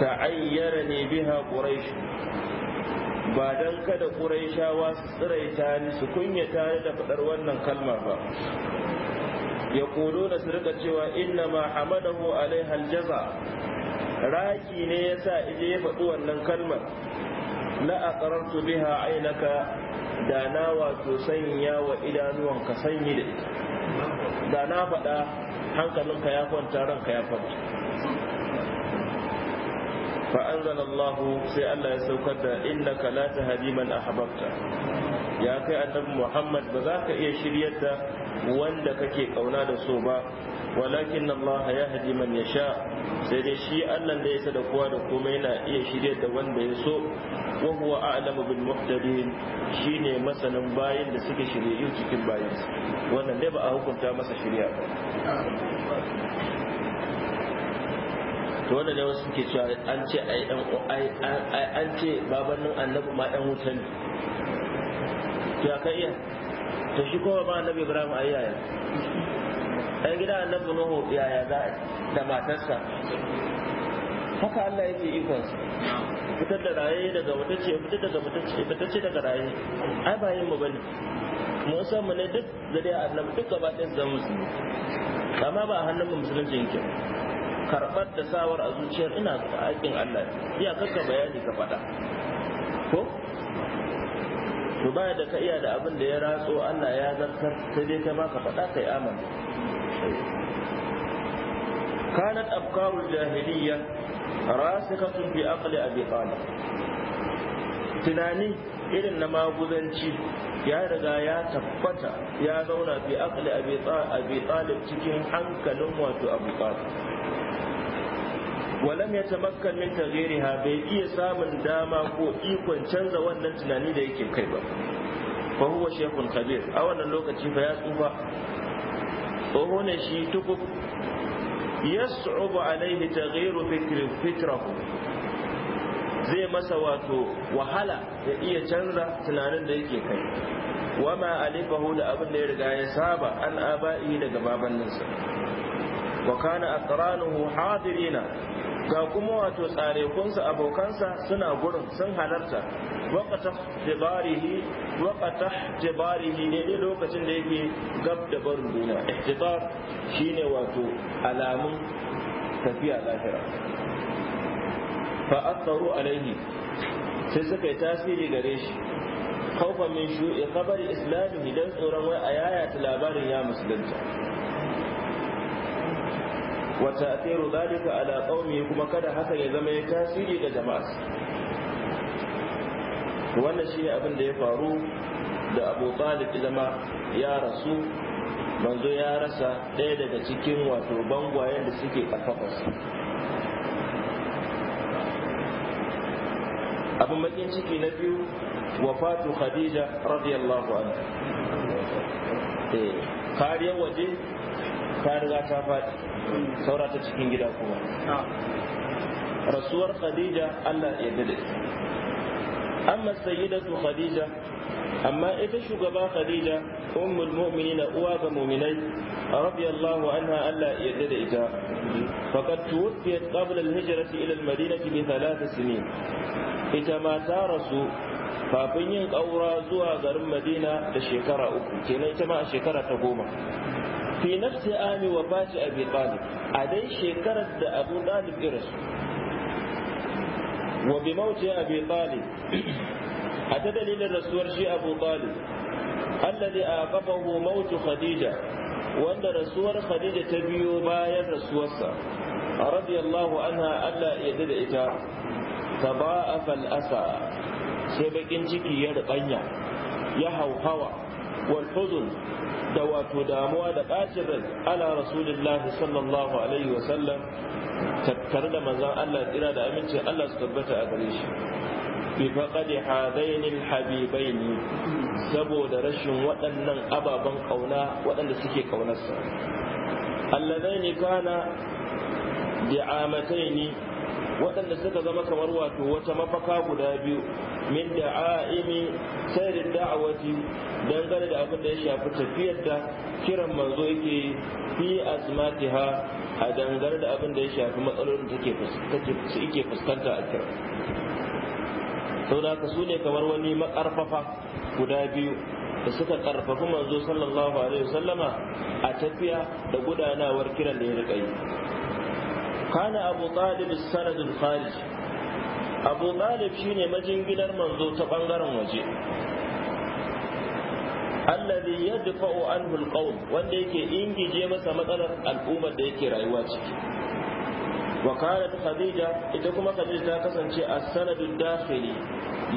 تعيرني بها قريش ba don kada ƙuraishawa su tsiraita ni su kunyata ni da faɗar wannan kalmar ba ya kodo da su rika cewa inna ma hamadahu alaiha aljaza raki ne ya sa ije ya faɗi wannan kalmar la aqrartu biha ainaka da na wato sanya wa idanuwanka sanyi da na faɗa hankalinka ya kwanta ranka ya kwanta fa Allah sai Allah ya saukar da innaka la tahdi man ahbabta ya kai annabi Muhammad ba za ka iya shiryar da wanda kake ƙauna da so ba walakin Allah yahdi man yasha sai dai shi Allah da yasa da kowa da komai yana iya shirya da wanda ya so wa huwa a'lamu bil muhtadin shine masanin bayin da suke shirye cikin bayin wannan dai ba a hukunta masa shirya ba to wanda dai wasu suke cewa an ce ai dan an ce babannin annabi ma dan wuta ne to ya kai iya to shi kowa ba annabi Ibrahim ayyaya ɗan gida annabi nuhu yaya za da matarsa haka Allah yake ikon su fitar da raye daga wata ce fitar daga wata ce fitar ce daga raye ai ba yin mu bane mu san mu ne duk da dai annabi duk gaba ɗaya zama musulmi amma ba hannun mu musulunci yake karɓar da sawar a zuciyar ina ga aikin Allah iya kakka bayani ka faɗa ko to baya da ka iya da abin da ya ratso Allah ya zartar sai dai kai ma ka faɗa kai amana كانت أفكار jahiliyya راسخة في عقل أبي طالب tunani irin na maguzanci ya riga ya tabbata ya zauna bi akali abi talib cikin hankalin wato abu talib walam ya tamakkan min taghyiriha bai iya samun dama ko ikon canza wannan tunani da yake kai ba fa huwa shaykhun kabir a wannan lokaci fa ya tsufa tsoho ne shi tukub yas'ubu alaihi taghyiru fitrahu zai masa wato wahala ya iya canza tunanin da yake kai wama alifahu da abin da ya riga ya saba an aba'i daga babanninsa wa kana aqranuhu hadirina ga kuma wato kunsa abokansa suna gurin sun halarta waƙata tibarihi waƙata tibarihi daidai lokacin da yake gab da barin duniya ihtibar shine wato alamun tafiya lahira fa asaru alaihi sai suka yi tasiri gare shi khawfan min shu'i khabari islamihi dan tsoron wai a yayata labarin ya musulunta wata ta'thiru zalika ala qaumi kuma kada haka ya zama ya tasiri ga jama'a wannan shi ne abin da ya faru da Abu Talib zama ya rasu manzo ya rasa ɗaya daga cikin wato bangwayen da suke kafafarsa abin makin ciki na biyu wafatu khadija radiyallahu anha eh, kariyar waje ta riga ta faɗi saura ta cikin gida kuma rasuwar khadija allah ya dade amma sayyidatu khadija amma ita shugaba khadija ummul mu'minina uwa ga mu'minai radiyallahu anha Allah ya yarda da ita faqad tuwfiyat qabla al-hijrati ila al-madinati bi thalath sinin ita ma ta rasu kafin yin ƙaura zuwa garin madina da shekara uku kenan ita ma a shekara ta goma fi nafsi ami wa bati abi talib a dai shekarar da abu talib iris wa bi mauti abi talib a ta dalilin rasuwar shi abu talib alladhi aqabahu mautu khadija wanda rasuwar khadija ta biyo bayan rasuwarsa radiyallahu anha Allah yadda da ita ba al-asa sai bakin ciki ya rubanya ya hauhawa wal da wato damuwa da ɓacin rai ala rasulillahi sallallahu alaihi wasallam tattare da manzan Allah tsira da aminci Allah su tabbata a gare shi bi faqadi hadainil habibaini saboda rashin waɗannan ababen kauna waɗanda suke kaunarsa alladaini kana bi'amataini waɗanda suka zama kamar wato wata mafaka guda biyu min da da'a'imi sayrin da'awati dangane da abin da ya shafi tafiyar da kiran manzo yake fi azmatiha a dangane da abin da ya shafi matsalolin da take fuskanta a kira sau da su ne kamar wani makarfafa guda biyu da suka karfafi manzo sallallahu alaihi wasallama a tafiya da gudanawar kiran da ya riƙa yi kana abu talib sanadul shine majinginar manzo ta bangaren waje alladhi yadfa'u anhu alqawm wanda yake ingije masa matsalar al'ummar da yake rayuwa ciki wa kanat khadija ita kuma khadija ta kasance as-sanadud dakhili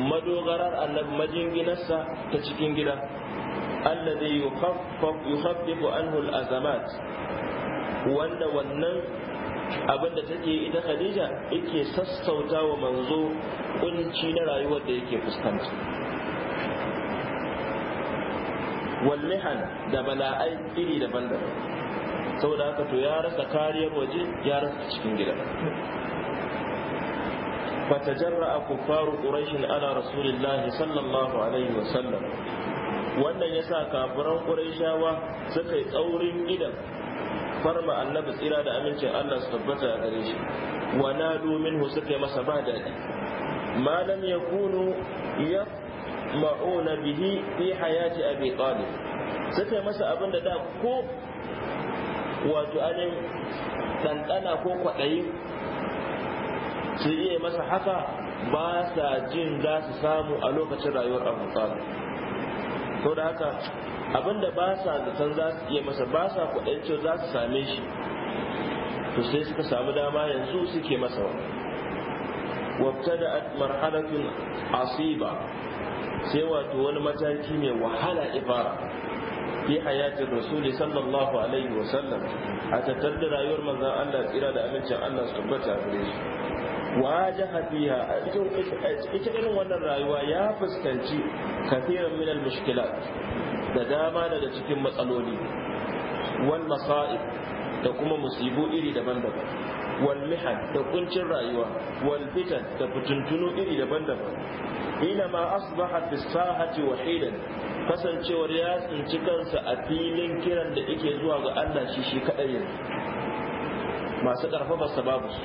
madogarar annabi majinginarsa ta cikin gida alladhi yukhaffafu anhu al-azamat wanda wannan abinda ke ita khadija yake sassauta wa manzo kunci na rayuwar da yake fuskanta walmihan da bala'ai iri daban-daban saboda haka to ya rasa kariyar waje ya rasa cikin gida فتجرأ كفار قريش ƙurashin ala الله sallallahu alaihi wa sallam. wannan ya sa kafiran ƙurashawa suka yi tsaurin idan Farma ma annabi tsira da amincin Allah su tabbata a gare shi wa nadu minhu suka masa ba daɗi Malam ya yakunu ya ma'una bihi fi hayati abi talib suka masa abin da da ko wato anin ɗanɗana ko kwaɗayi su iya masa haka ba sa jin za su samu a lokacin rayuwar abu talib to da haka abinda ba sa zaton za su iya masa ba sa kwaɗayin cewa za su same shi to sai suka samu dama yanzu suke masa wata da marhalatun asiba sai wato wani mataki mai wahala ifara fi hayatin rasuli sallallahu alaihi wasallam a tattar da rayuwar manzan Allah tsira da amincin Allah su tabbata gare shi wajaha fiha ita irin wannan rayuwa ya fuskanci kafiran minal mushkilat da dama daga cikin matsaloli wal masa'ib da kuma musibu iri daban-daban wal mihan da kuncin rayuwa wal fitan da fitintunu iri daban-daban ina ma asbaha fi sahati wahidan kasancewar ya tsinci kansa a filin kiran da yake zuwa ga Allah shi shi kadai masu karfafa babu su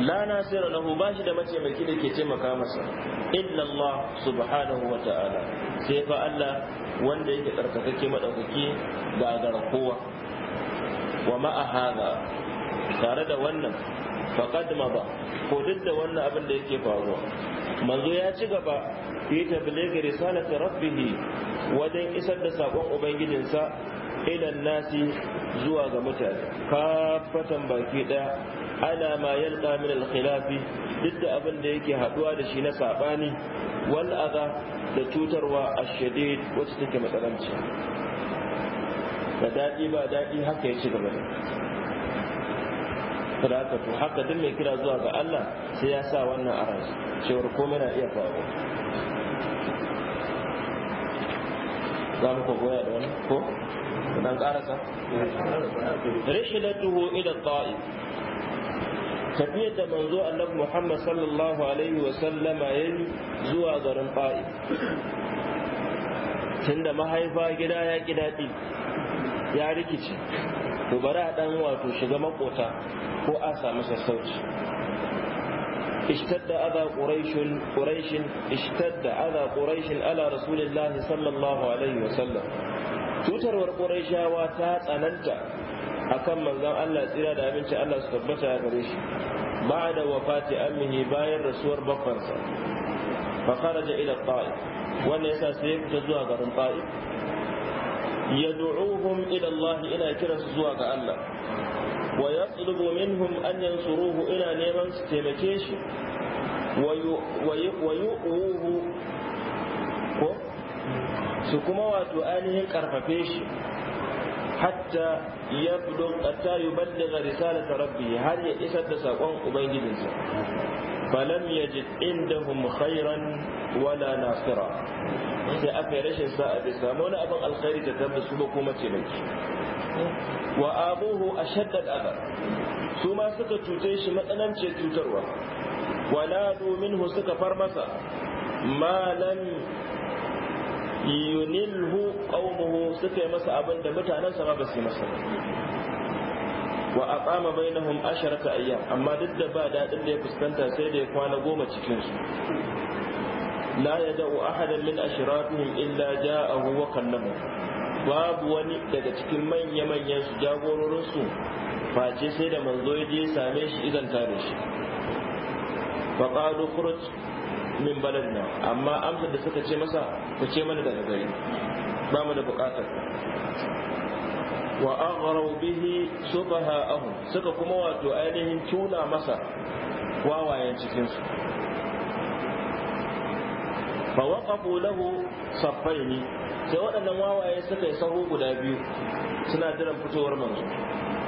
la nasira lahu ba shi da mataimaki da ke taimaka masa illa Allah subhanahu wa ta'ala sai fa Allah wanda yake tsarkakake madaukaki gagar wa ma'a tare da wannan faqad ba ko duk da wannan abin da yake faruwa manzo ya ci gaba fi tablighi risalati rabbih wajen isar da sakon ubangijinsa ilan nasi zuwa ga mutane kafatan baki daya Ana ma yalqa min al-khilafi duk da abin da yake haduwa da shi na sabani wal adha da cutarwa ash-shadid wacce take matsalanci da daɗi ba daɗi haka ya ci gaba da haka to haka duk mai kira zuwa ga Allah sai ya sa wannan a ransu cewar komai na iya faru za mu goya da wani ko dan karasa rishilatuhu ila ta'if tafiyar da manzo annabi Muhammad sallallahu alaihi wa sallama ya yi zuwa garin Fa'i tunda mahaifa gida ya ki daɗi ya rikice to bari a ɗan wato shiga makota ko a samu sassauci اشتد أذى قريش قريش اشتد أذى قريش على رسول الله صلى الله عليه وسلم tutarwar ƙurayshawa ta tsananta akan manzon Allah tsira da abinci Allah su tabbata gare shi ba'da wafati ammihi bayan rasuwar babbansa fa kharaja ila ta'if wannan yasa sai ya zuwa garin ta'if yad'uuhum ila Allah ina kiransu zuwa ga Allah wa yatlubu minhum an yansuruhu ina neman su taimake shi wa yu'uhu ko su kuma wato ainihin karfafe shi hatta yablugh hatta yuballigha ta rabbi har ya isar da sakon ubangijinsa falam inda indahum khairan wala nasira sai aka rashin sa'a bai samu wani abin alkhairi da tabbasu ba kuma ce wa abuhu ashaddad adab su ma suka cuce shi matsananci cutarwa wala minhu suka far masa malami. yunilhu qaumuhu suka yi masa abin da mutanen sa ba su yi masa wa aqama bainahum asharata ayyam amma duk da ba dadin da ya fuskanta sai da ya kwana goma cikin su la yada'u ahadan min ashratihim illa ja'ahu wa kallamu babu wani daga cikin manya manyan su jagororin su face sai da manzo ya je same shi idan tare shi fa qalu khuruj min balad nan amma amsar da suka ce masa ku ce mana daga gari ba mu da bukatar wa aghraw bihi subaha'ahum suka kuma wato ainihin tuna masa wawayen cikin su fa waqafu lahu saffaini sai waɗannan wawaye suka yi sahu guda biyu suna jiran fitowar manzo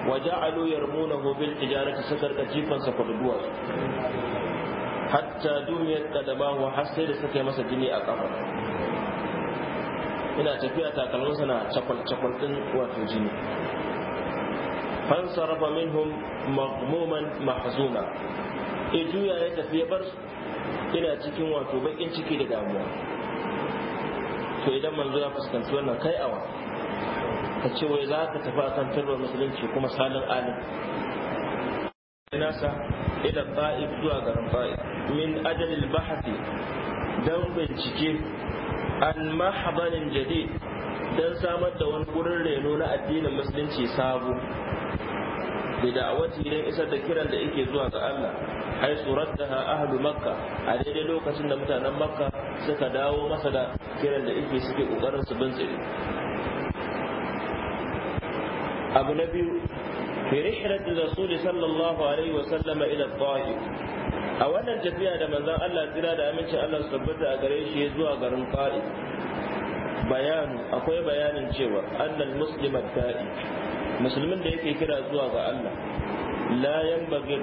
wa ja'alu yarmunahu bil ijarati suka jifan jifansa kwaduwa hatta dumiyar kadamahu har sai da suka yi masa jini a kafa ina tafiya takalminsa na cakwal din wato jini fansarafa minhum maghmuman mahzuna E, juya ya tafi ya bar ina cikin wato bakin ciki da damuwa to idan manzo ya fuskanci wannan kai awa ka ce wai za ka tafi akan turbar musulunci kuma salin alim nasa ila ta'if zuwa garin ta'if min ajalil bahasi don bincike an mahabalin jadid don samar da wani wurin reno na addinin musulunci sabo bi da'awati don isar da kiran da yake zuwa ga Allah ai surataha ahlu makka a daidai lokacin da mutanen makka suka dawo masa da kiran da yake suke kokarin su bintsire abu na biyu برحلة الرسول صلى الله عليه وسلم إلى الطائف a wannan tafiya da manzan Allah tsira da aminci Allah su tabbata a gare shi zuwa garin Fa'id bayanu akwai bayanin cewa annal muslimat ta'i musulmin da yake kira zuwa ga Allah la yanbaghi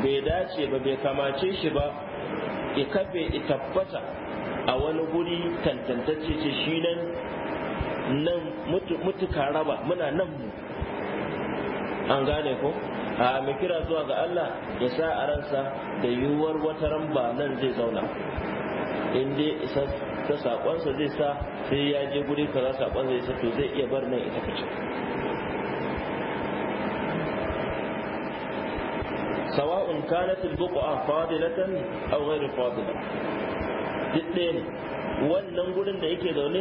bai dace ba bai kamace shi ba ya kafe ya tabbata a wani guri tantantacce ce shi nan nan mutuka raba muna nan mu an gane ko a mai kira zuwa ga Allah ya sa a ransa da yiwuwar wata ramba nan zai zauna inda ta saƙonsa zai sa sai ya je guri kaza sakon zai sa to zai iya bar nan ita kacin sawa'un kanatul al-buqa fadilatan aw ghayr fadila duk ne wannan gurin da yake zaune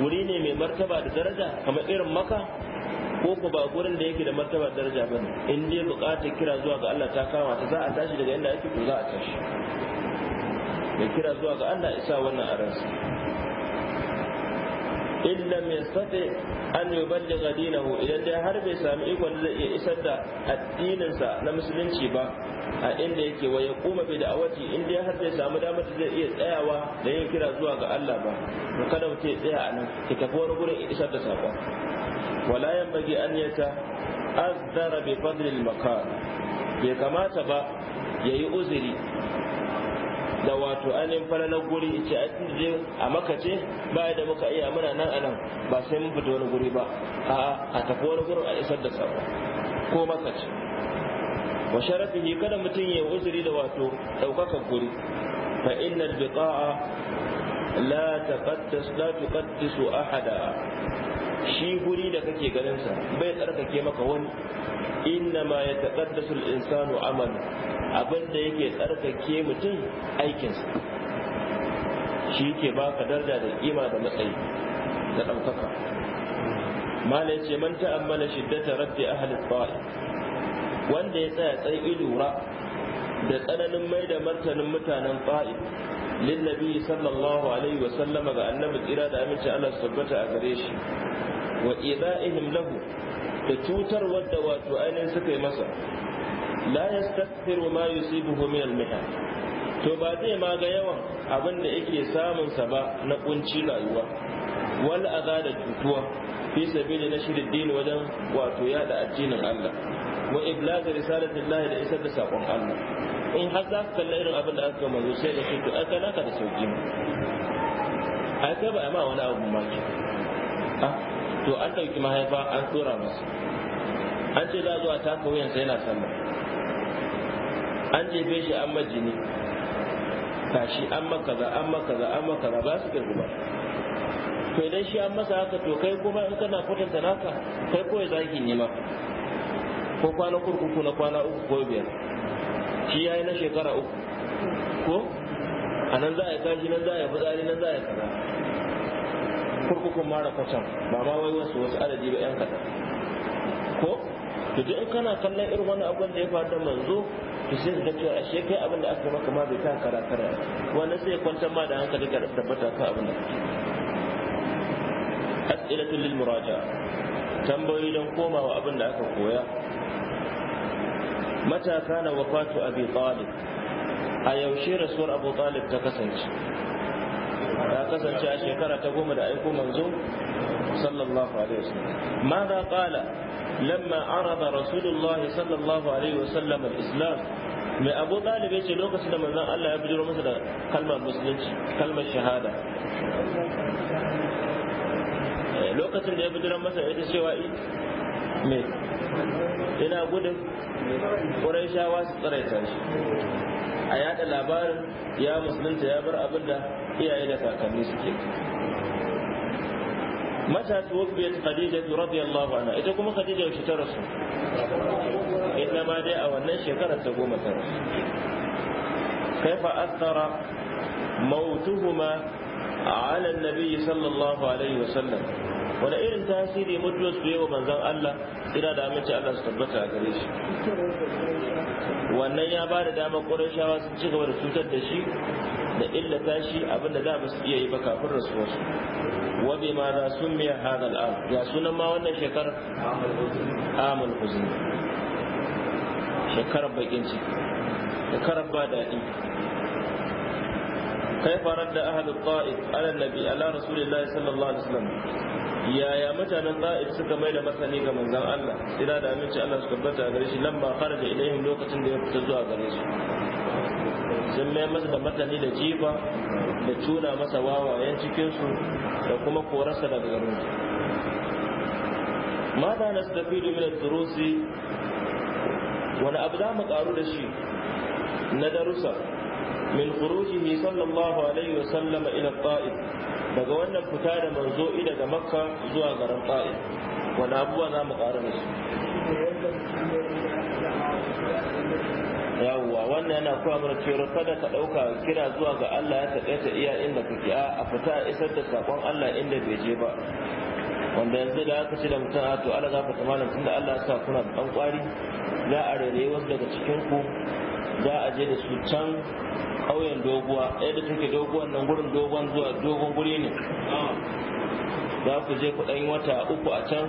guri ne mai martaba da daraja kamar irin maka ko ku ba gurin da yake da martaba da daraja bane in dai bukata kira zuwa ga Allah ta kama ta za a tashi daga inda yake to za a tashi da kira zuwa ga Allah isa wannan aransa in lam yastati an yuballigha dinahu idan dai har bai sami ikon da zai isar da addininsa na musulunci ba a inda yake wa ya kuma bi da in dai har bai sami damar da zai iya tsayawa da yin kira zuwa ga Allah ba to kada mutum tsaya a nan ki tafi wani gurin isar da sako wala yanbaghi an yata azdara bi fadlil makan bai kamata ba yayi uzuri da wato ainihin falalar guri ce a je a makace ba da muka iya muna nan anan ba sai mun fita wani guri ba a a tafi wani gurin a isar da sako ko makace wa sharafihi kada mutum ya uzuri da wato daukaka guri fa innal biqa'a la taqaddas la tuqaddisu ahada shi guri da kake ganin sa bai tsarkake maka wani innama ya taƙaddasu insanu amal abinda yake tsarkake mutum aikinsa shi ke baka darda da kima da matsayi da ɗaukaka mala ce man ta'ammala shiddata rabbi ahli ta'i wanda ya tsaya tsaiki lura da tsananin mai da martanin mutanen ta'i lillabi sallallahu alaihi wa sallama ga annabi tsira da aminci Allah su tabbata a gare shi wa idaihim lahu da cutar wadda wato ainihin suka yi masa la yastaghfiru ma yusibuhu min al miha to ba zai ma ga yawan abin da yake samun sa ba na kunci rayuwa wal aza da cutuwa fi sabili na shirin dini wajen wato yada addinin Allah wa iblaga risalatillahi da isar da sakon Allah in har za ka kalla irin abin da aka manzo sai da shi to aka naka da sauki ai kai ba a ma wani abu ma ke ah, to an ɗauki mahaifa an tura masa an ce za zuwa taka sai yana sama an jefe shi an majini tashi an makaza an makaza an makaza ba su girgu ba to idan shi an masa haka to kai kuma in kana kwatanta naka kai kawai za ki nema ko kwana kurkuku na kwana uku ko biyar shi ya yi na shekara uku ko a nan za a yi kashi nan za a yi fitsari nan za a yi kaza kurkukun mara kwatan ba ma wai wasu wasu adadi ba yan kaɗan ko to duk in kana kallon irin wani abin da ya faru da manzo to sai ka cewa ashe kai abin da aka maka ma bai ta kara kara wannan sai kwantar ma da hankali ka tabbata ka abin da as'ilatu lil muraja tambayoyi don komawa abin da aka koya mata kana wafatu abi talib a yaushe rasuwar abu talib ta kasance ya kasance a shekara ta goma da aiko manzo sallallahu alaihi wasallam ماذا قال لما عرض رسول الله صلى الله عليه وسلم الإسلام mai abu ɗalibai ce lokacin da manzon Allah ya bujiro masa da kalmar musulunci kalmar shahada eh, lokacin da ya bujiro masa ita cewa me ina gudun ƙuraishawa su tsaraita shi a yada labarin ya musulunta ya bar abin da iyaye da kakanni suke mata tuwafiyat khadija radiyallahu anha ita kuma khadija yaushe ta rasu ita ma dai a wannan shekarar ta goma ta rasu kaifa asara mautuhuma ala annabi sallallahu alaihi wasallam wani irin tasiri mutuwar su yawa manzon Allah ina da aminci Allah su tabbata a gare shi wannan ya ba da damar ƙurashawa su ci gaba da cutar da shi da ta shi abinda da ba su iya yi ba kafin rasuwarsu wa bi ma za sun miya haɗa al'am ya sunan ma wannan shekarar amul huzun shekarar bakin ciki shekarar ba daɗi kai farar da ahalin ta'if ala nabi ala rasulillahi sallallahu alaihi wasallam yaya mutanen ta'if suka mai da masani ga manzon Allah ina da aminci Allah su tabbata gare shi lamma kharaja ilaihim lokacin da ya fita zuwa gare su sun mai masa da matani da jiba da tuna masa wawayen cikinsu da kuma korarsa daga garin mata na su tafi domin turusi wani abu za mu karu da shi na darussa min furujihi sallallahu alaihi wa sallama ila ta'if daga wannan fita da manzo ida da makka zuwa garin ta'id wani abubuwa za mu karu da shi? yawwa wannan yana kuwa mana cewa kada ka ɗauka kira zuwa ga Allah ya taƙaita iya inda kake a fita isar da saƙon Allah inda bai je ba wanda yanzu da aka ce da mutum a to Allah za ka tamanin tun da Allah sa kuna da kwari za a rere wasu daga cikinku za a je da su can ƙauyen doguwa ɗaya da take doguwan nan gurin dogon zuwa dogon guri ne za ku je ku ɗan wata uku a can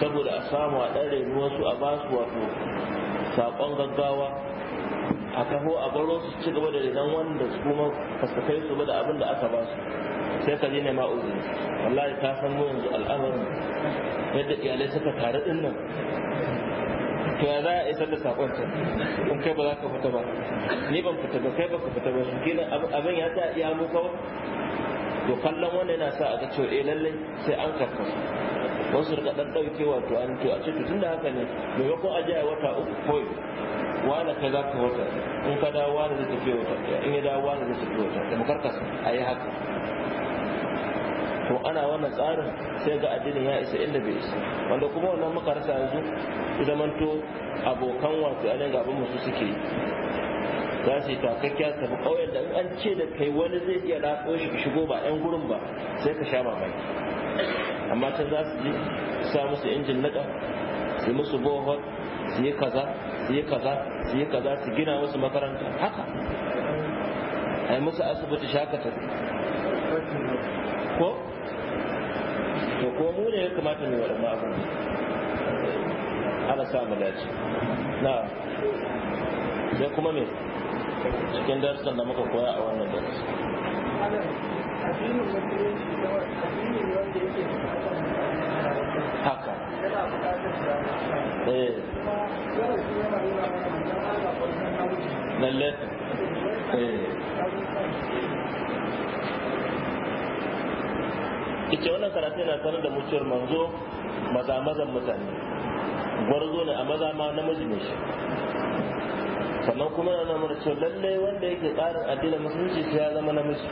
saboda a samu a ɗan rere wasu a basu wato saƙon gaggawa a taho a baro su ci gaba da rigan wanda su kuma fasakai su ba da abin da aka ba su sai ka ne ma uzu wallahi ka san mu yanzu al'amarin yadda iyalai suka tare din nan to ya za a isar da sakon ta in kai ba za ka fita ba ni ban fita ba kai ba ka fita ba shi kila abin ya ta iya mu kawai to kallon wanda yana sa a ga cewa eh lallai sai an karfa wasu da ɗan ɗauke wato an to a ce tun da haka ne maimakon a wata uku koyi wani kai za ka wata in ka dawo wani zai tafi wata in ya dawo wani zai tafi wata da makarkasa a yi haka to ana wannan tsarin sai ga addinin ya isa inda bai isa wanda kuma wannan muka rasa yanzu zamanto abokan wato ainihin gaban musu suke za su yi takakkiya tafi ƙauyen da an ce da kai wani zai iya ratso shi shigo ba 'yan gurin ba sai ka sha mamaki amma can za su je sa musu injin naɗa su musu bohol su yi kaza su yi kaza su yi kaza su gina wasu makaranta haka a yi musu asibiti shakatar ko to ko mu ne ya kamata ne wani ma'abu ana samu dace na sai kuma me cikin darsan da muka koya a wannan darsi haka Eh. lalle eh. ita wannan karatu yana sanar da mutuwar manzo maza mazan mutane gwarzo ne a maza ma namiji ne shi sannan kuma yana nuna cewa lalle wanda yake tsarin addinin musulunci sai ya zama namiji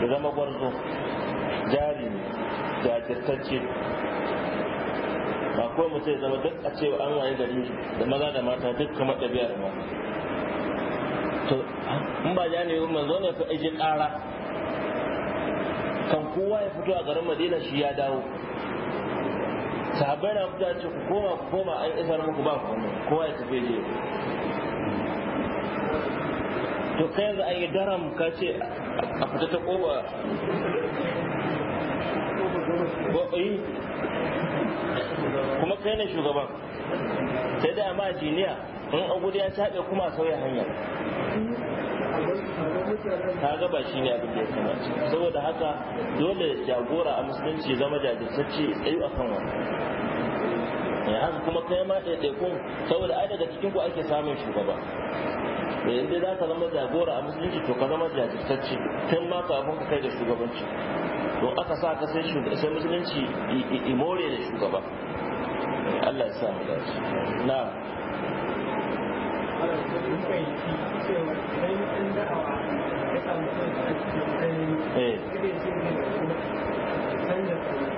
ya zama gwarzo jari ne jajirtacce ba ko mu ce zama duk a cewa an waye gari da maza da mata duk kamar ɗabi'ar ba to in ba ja ne manzo ne fa aje ƙara kan kowa ya fito a garin madina shi ya dawo sahabbai na fita ce ku koma ku koma an isar muku ba kuma kowa ya tafi je to kai yanzu an yi daram ka ce a fita ta koba ba ba kuma kai ne shugaban sai da ma jiniya in a gudu ya shaɗe kuma sauya hanya ta gaba shi ne abin da ya kamace saboda haka dole jagora a musulunci zama jajirtacce tsayu a kan wani ya eh, haka kuma kai ma ɗaiɗaikun saboda ai daga cikin ku ake samun shugaba da yanzu za ka zama jagora a musulunci to ka zama jajirtacce kan ma kafin ka kai da shugabanci to aka sa ka sai sai musulunci imore da shugaba Allah ya sa mu dace na eh.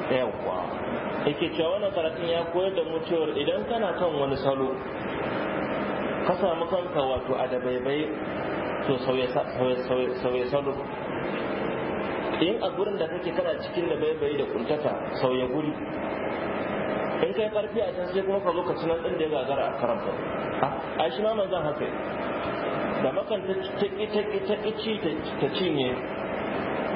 yawwa yake cewa wannan karatun ya koyar da mu cewar idan kana kan wani salo ka samu kanka wato a da baibai to sauye salo in a gurin da kake kana cikin da baibayi da kuntata sauye guri in kai karfi a can sai kuma ka zo ka ci nan da ya gagara a karanta a ah, shi ma zan haka da makan ta ki ta ki ta cinye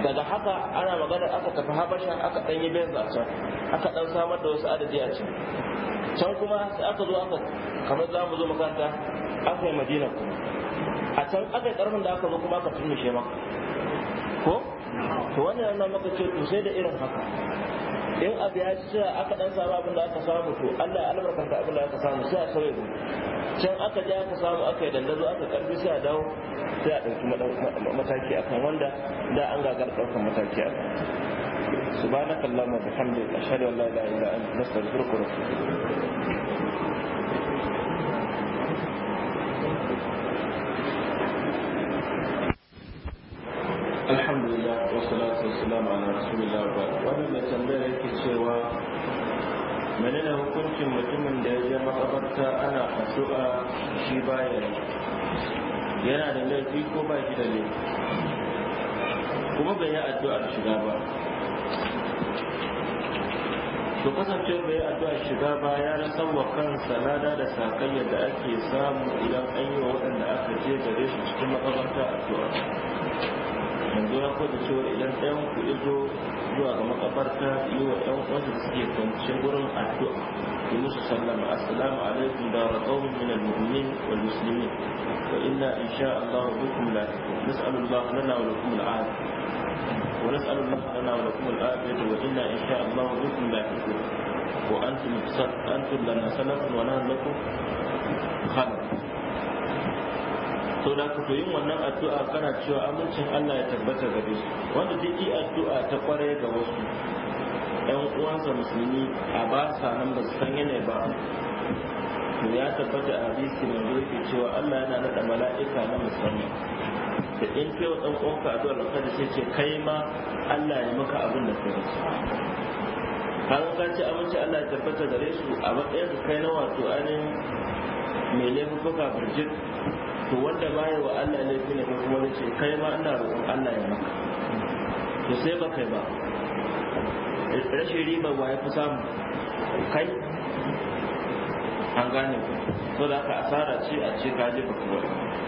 daga haka ana magana aka tafi habasha aka dan yi benza can aka dan samar da wasu adadi a can can kuma sai aka zo aka kamar za mu zo makanta aka yi madina kuma a can aka karfin da aka zo kuma aka shi maka ko to wannan yana maka ce to sai da irin haka in abu ya ci aka dan samu abin da aka samu to Allah ya albarkanta abin da aka samu sai a sauye mu can aka je aka samu aka yi dandazo aka karfi sai a dawo sai a ɗauki mataki akan wanda da an gagar ɗaukar mataki akan سبحانك اللهم وبحمدك اشهد ان لا اله الا انت نستغفرك ونتوب اليك menene hukuncin mutumin da ya je makabarta ana addu'a shi baya yana da laifi ko ba shi da laifi kuma bai yi addu'ar shiga ba to kasance bai yi addu'ar shiga ba ya rasar wa kansa lada da sakayyar da ake samu idan an yi wa waɗanda aka je gare su cikin makabarta addu'a manzo ya kwada cewa idan ɗayan ku izo zuwa ga makabarta yi wa ɗan uwansa da suke kwance gurin addu'a yi musu sallama assalamu alaikum da wa qaumin min al-mu'minin wal muslimin wa inna insha Allah bikum la nas'alu Allah lana wa lakum al-'afiyah wa nas'alu Allah lana wa lakum al-'afiyah wa inna insha Allah bikum la wa antum antum lana salafun wa nahnu lakum khalaf to da ku yin wannan addu'a kana cewa amincin Allah ya tabbata gare su wanda duk yi addu'a ta kwarai ga wasu ɗan uwansa musulmi a ba sa nan ba su san yanayi ba to ya tabbata a hadisi mai yake cewa Allah yana naɗa mala'ika na musamman da in kai wa ɗan uwanka addu'a alƙada sai ce kai ma Allah ya maka abin da kai har ka ce aminci Allah ya tabbata gare su a matsayin kai na wato ainihin mai laifuka birjit to wanda ba wa Allah laifi ne kuma zai ce kai ma ina roƙon Allah ya maka to sai ba kai ba rashin riba wa ya fi samu kai an gane ku so da aka asara ce a ce ka ba kuma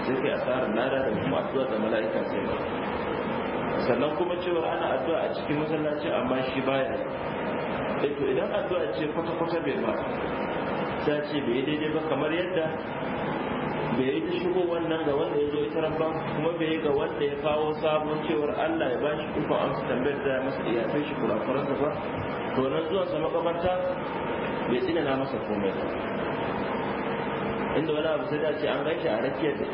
sai kai asara lada da kuma addu'a da mala'ika sai ba sannan kuma cewa ana addu'a a cikin masallaci amma shi baya eh to idan addu'a ce kwata-kwata bai ba ta ce bai daidai ba kamar yadda bai yi ta shigo wannan ga wanda ya zo ita rabba kuma bai yi ga wanda ya kawo sabon cewar Allah ya bashi shi an su tambayar da masa iyafin shi kurakuransa ba to nan zuwa sa makabarta bai tsina na masa komai ba inda wani abu sai da ce an gaishe a rakiyar da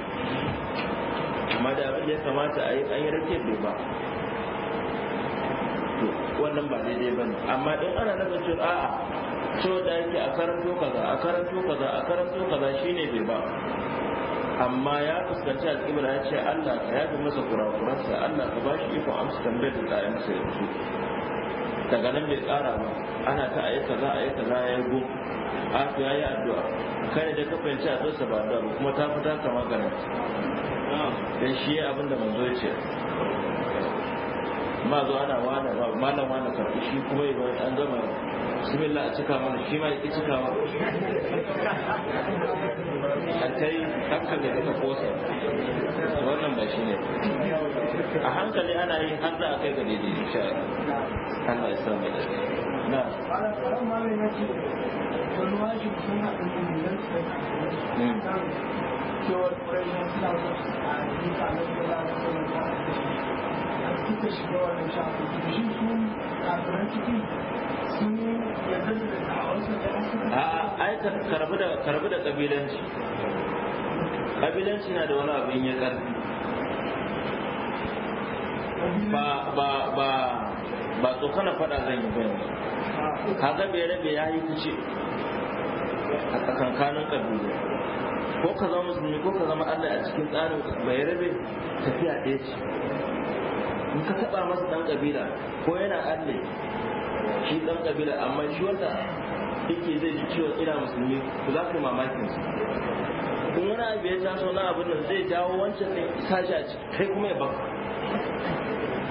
amma da abin da ya kamata a yi an yi rakiyar bai ba to wannan ba daidai ba ne amma in ana nazar cewa a'a so da yake a karanto kaza a karanto kaza a karanto kaza shine bai ba amma ya fuskanci alƙibla ya ce Allah ka yafi masa kurakuransa Allah ka bashi iko amsa tambayar da ta ya yanzu daga nan bai tsara ba ana ta za kaza yi kaza ya go ya yi addu'a kai da ka fahimci a tsarsa ba da kuma ta fita kama magana dan shi ya abin da manzo ya ce ma zo ana wani malam wani karfi shi kuma yi an zama bismillah a cika mana shi ma yake cika wa har kai hankal da kuka kosa wannan ba shi ne a hankali ana yi har za a kai ga daidai insha Allah ya samu da na cewar ƙwararren suna wasu a nisa na kula da kuma ta a suka shiga wannan shafi shi sun kafiran cikin ai karbi da kabilanci kabilanci na da wani abin ya karfi ba ba ba tsokana fada zan yi bayan kaga bai rabe ya yi kuce a tsakankanin kabilu ko ka zama musulmi ko ka zama allah a cikin tsarin bai rabe tafiya ɗaya ce in ka taɓa masa ɗan ƙabila ko yana allah shi dan kabila amma shi wanda yake zai ji ciwon ina musulmi ku za ku mamakin su kun wani abu ya taso na abin nan zai jawo wancan ne sashi a ciki kai kuma ya baka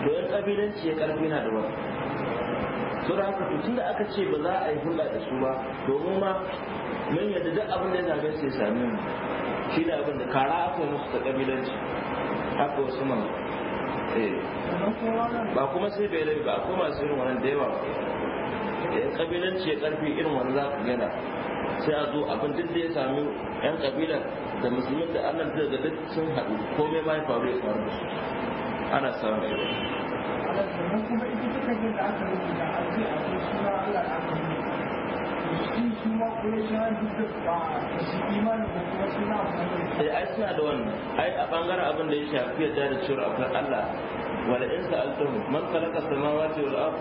to yan kabilanci ya karfi na da wani da haka to tunda aka ce ba za a yi hulɗa da su ba domin ma mun yadda duk abin da ya zabe su ya same mu shi da abin da kara aka musu ta kabilanci haka wasu mamaki Eh. ba kuma sai bai rai ba ko masu irin wannan da yawa kabilanci ya karfi irin wani za ku gana sai a zo abin duk da ya sami yan kabilan da musulmi da annan da ga duk sun haɗu komai ma ya faru ya faru ana samun irin. shi eh, kuma kuma da su imanin da kuma suna ai suna da wani ai a bangaren abin da ya shafi yadda da a akwai Allah wani in sa'altuhum man khalaqa samawati wal ard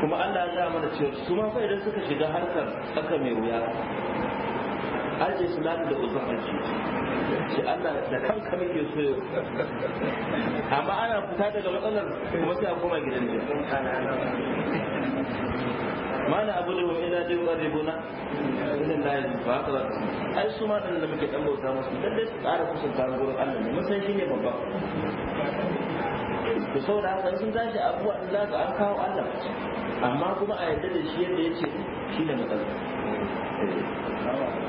kuma Allah ya zama mana cewa su ma fa idan suka shiga harkar tsaka mai wuya har ce salatu da uzun aji shi Allah da kanka muke so amma ana fita daga matsalar kuma sai a koma gidan jiya ma na abu da wa ina jin ƙarfi gona idan da yanzu ba haka za su ai su ma da muke ɗan bauta musu dan dai su ƙara kusanta gurin Allah ne mun san shi ne babba to saboda haka sun tashi abubuwa da za ka an kawo Allah amma kuma a yadda da shi yadda ya ce shi ne matsala eh.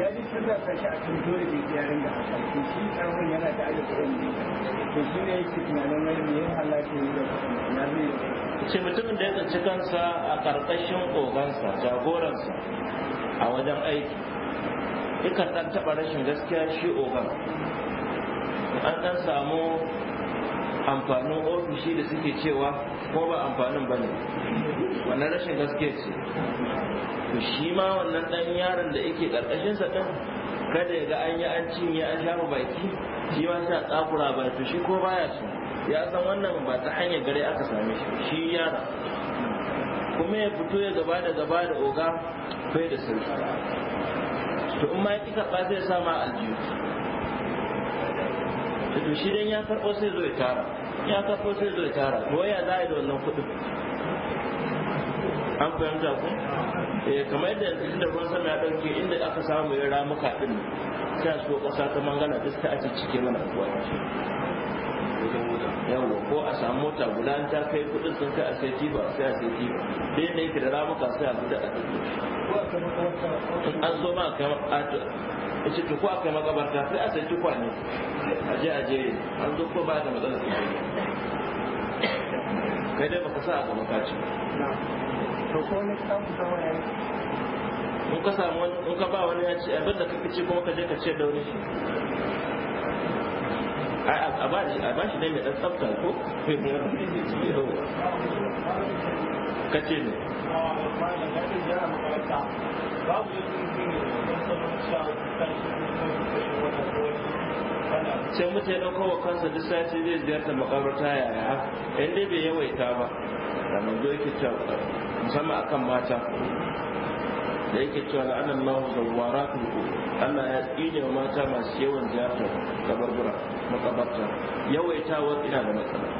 ya ji canza kashi a cikin dole da gyaran da haka to shi tsawon yana da aje kuɗin ne to shi ne yake tunanin wani ne yin halaka ne da na zai ce mutumin da ya tsinci kansa a ƙarƙashin ƙogansa jagoransa a wajen aiki yakan ɗan taɓa rashin gaskiya shi ogan an ɗan samu amfanin ofishi da suke cewa ko ba amfanin ba ne wannan rashin gaske ce to shi ma wannan dan yaron da yake sa dan. kada ya ga an yi an cinye an shafa baki shi ma sai a tsakura ba to shi ko baya so ya san wannan ba ta hanyar gare aka same shi shi yaron kuma ya fito ya gaba da gaba da oga bai da sauki to in ma ya ƙi karɓa zai sa ma aljihu to shi dan ya karɓo sai zo ya tara ya karɓo sai zo ya tara ko ya za a yi da wannan kuɗin an fahimta ku eh kamar yadda yanzu inda ruwan sama ya ɗauke inda aka samu ya ramuka ɗin sai so ƙasa ta mangana duk ta ake cike mana kuwa yawa ko a samu mota guda ta kai kuɗin sun kai a sai jiba sai a sai jiba da yadda yake da ramuka sai a fita a tafi an so ma a ya ce tuku aka yi makabarta sai a sai tukwa ne a je a jere an zo ko ba da matsala su ne kai dai baka sa a gaba ka ci in ka samu in ka ba wani ya ce abin da kake ce kuma ka je ka ce da wani a ba shi dai mai dan tsafta ko ka ce ne sai mutane ya kowa wa kansa duk sati zai ziyarta makabarta yaya in dai bai yawaita ba da manzo yake cewa musamman akan mata da yake cewa da anan lahu zawara tuku Allah ya tsine mata masu yawan ziyarta kabarbura makabarta yawaitawar ina da matsala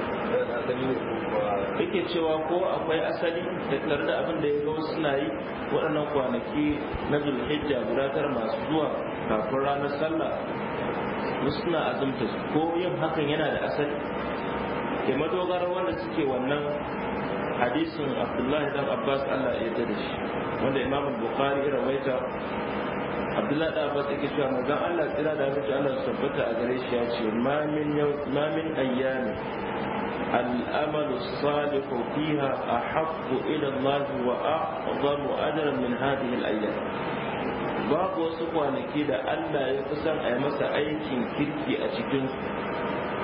yake cewa ko akwai asali da tare da abin da ya ga wasu yi waɗannan kwanaki na zulhijja guda tara masu zuwa kafin ranar sallah wasu na azumta ko yin hakan yana da asali da madogarar wanda suke wannan hadisin abdullahi dan abbas allah ya da shi wanda imam bukhari rawaita abdullahi dan abbas yake cewa manzon allah tsira da mutu allah tabbata a gare shi ya ce ma min ayyami الأمل الصالح فيها أحب إلى الله وأعظم أجرا من هذه الأيام babu wasu kwanaki da Allah ya fi son a yi masa aikin kirki a cikin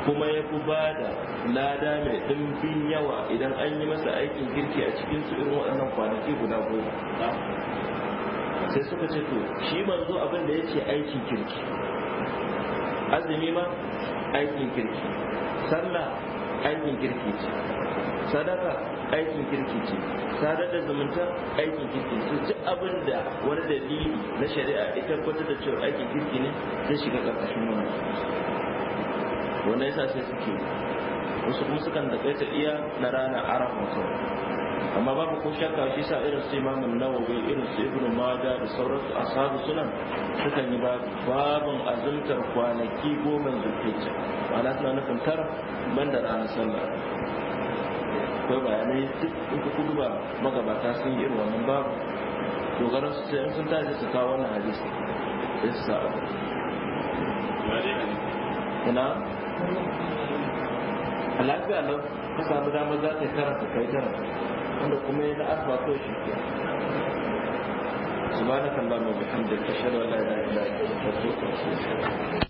kuma ya fi ba da lada mai ɗimbin yawa idan an yi masa aikin kirki a cikin su irin waɗannan kwanaki guda goma sai suka ce to shi manzo abin da ya ce aikin kirki azumi ma aikin kirki sannan. aikin kirki ce sadaka aikin kirki ce sadar da zumunta aikin kirki ce ci abin da wani dalili na shari'a ita kwata da cewa aikin kirki ne zai shiga ƙarƙashin wani. Wani yasa sai suke wasu kuma sukan da kai ta iya na ranar arafa kawai amma babu ko shakka shi sa irin su imam an-nawawi irin su ibnu majah da sauran su ashabu sunan suka yi babun azumtar kwanaki goma zulhijja ma'ana suna nufin tara banda ranar sallah akwai bayanai duk in duba magabata sun yi irin wannan babu dogaran su sai sun tashi su kawo wannan hadisi isa ina a lafiya nan ka samu damar za ta karanta kai tara wanda kuma ya la'arfa ko shi ke subhanakallahumma wa bihamdika ashhadu an la ilaha illa anta astaghfiruka wa atubu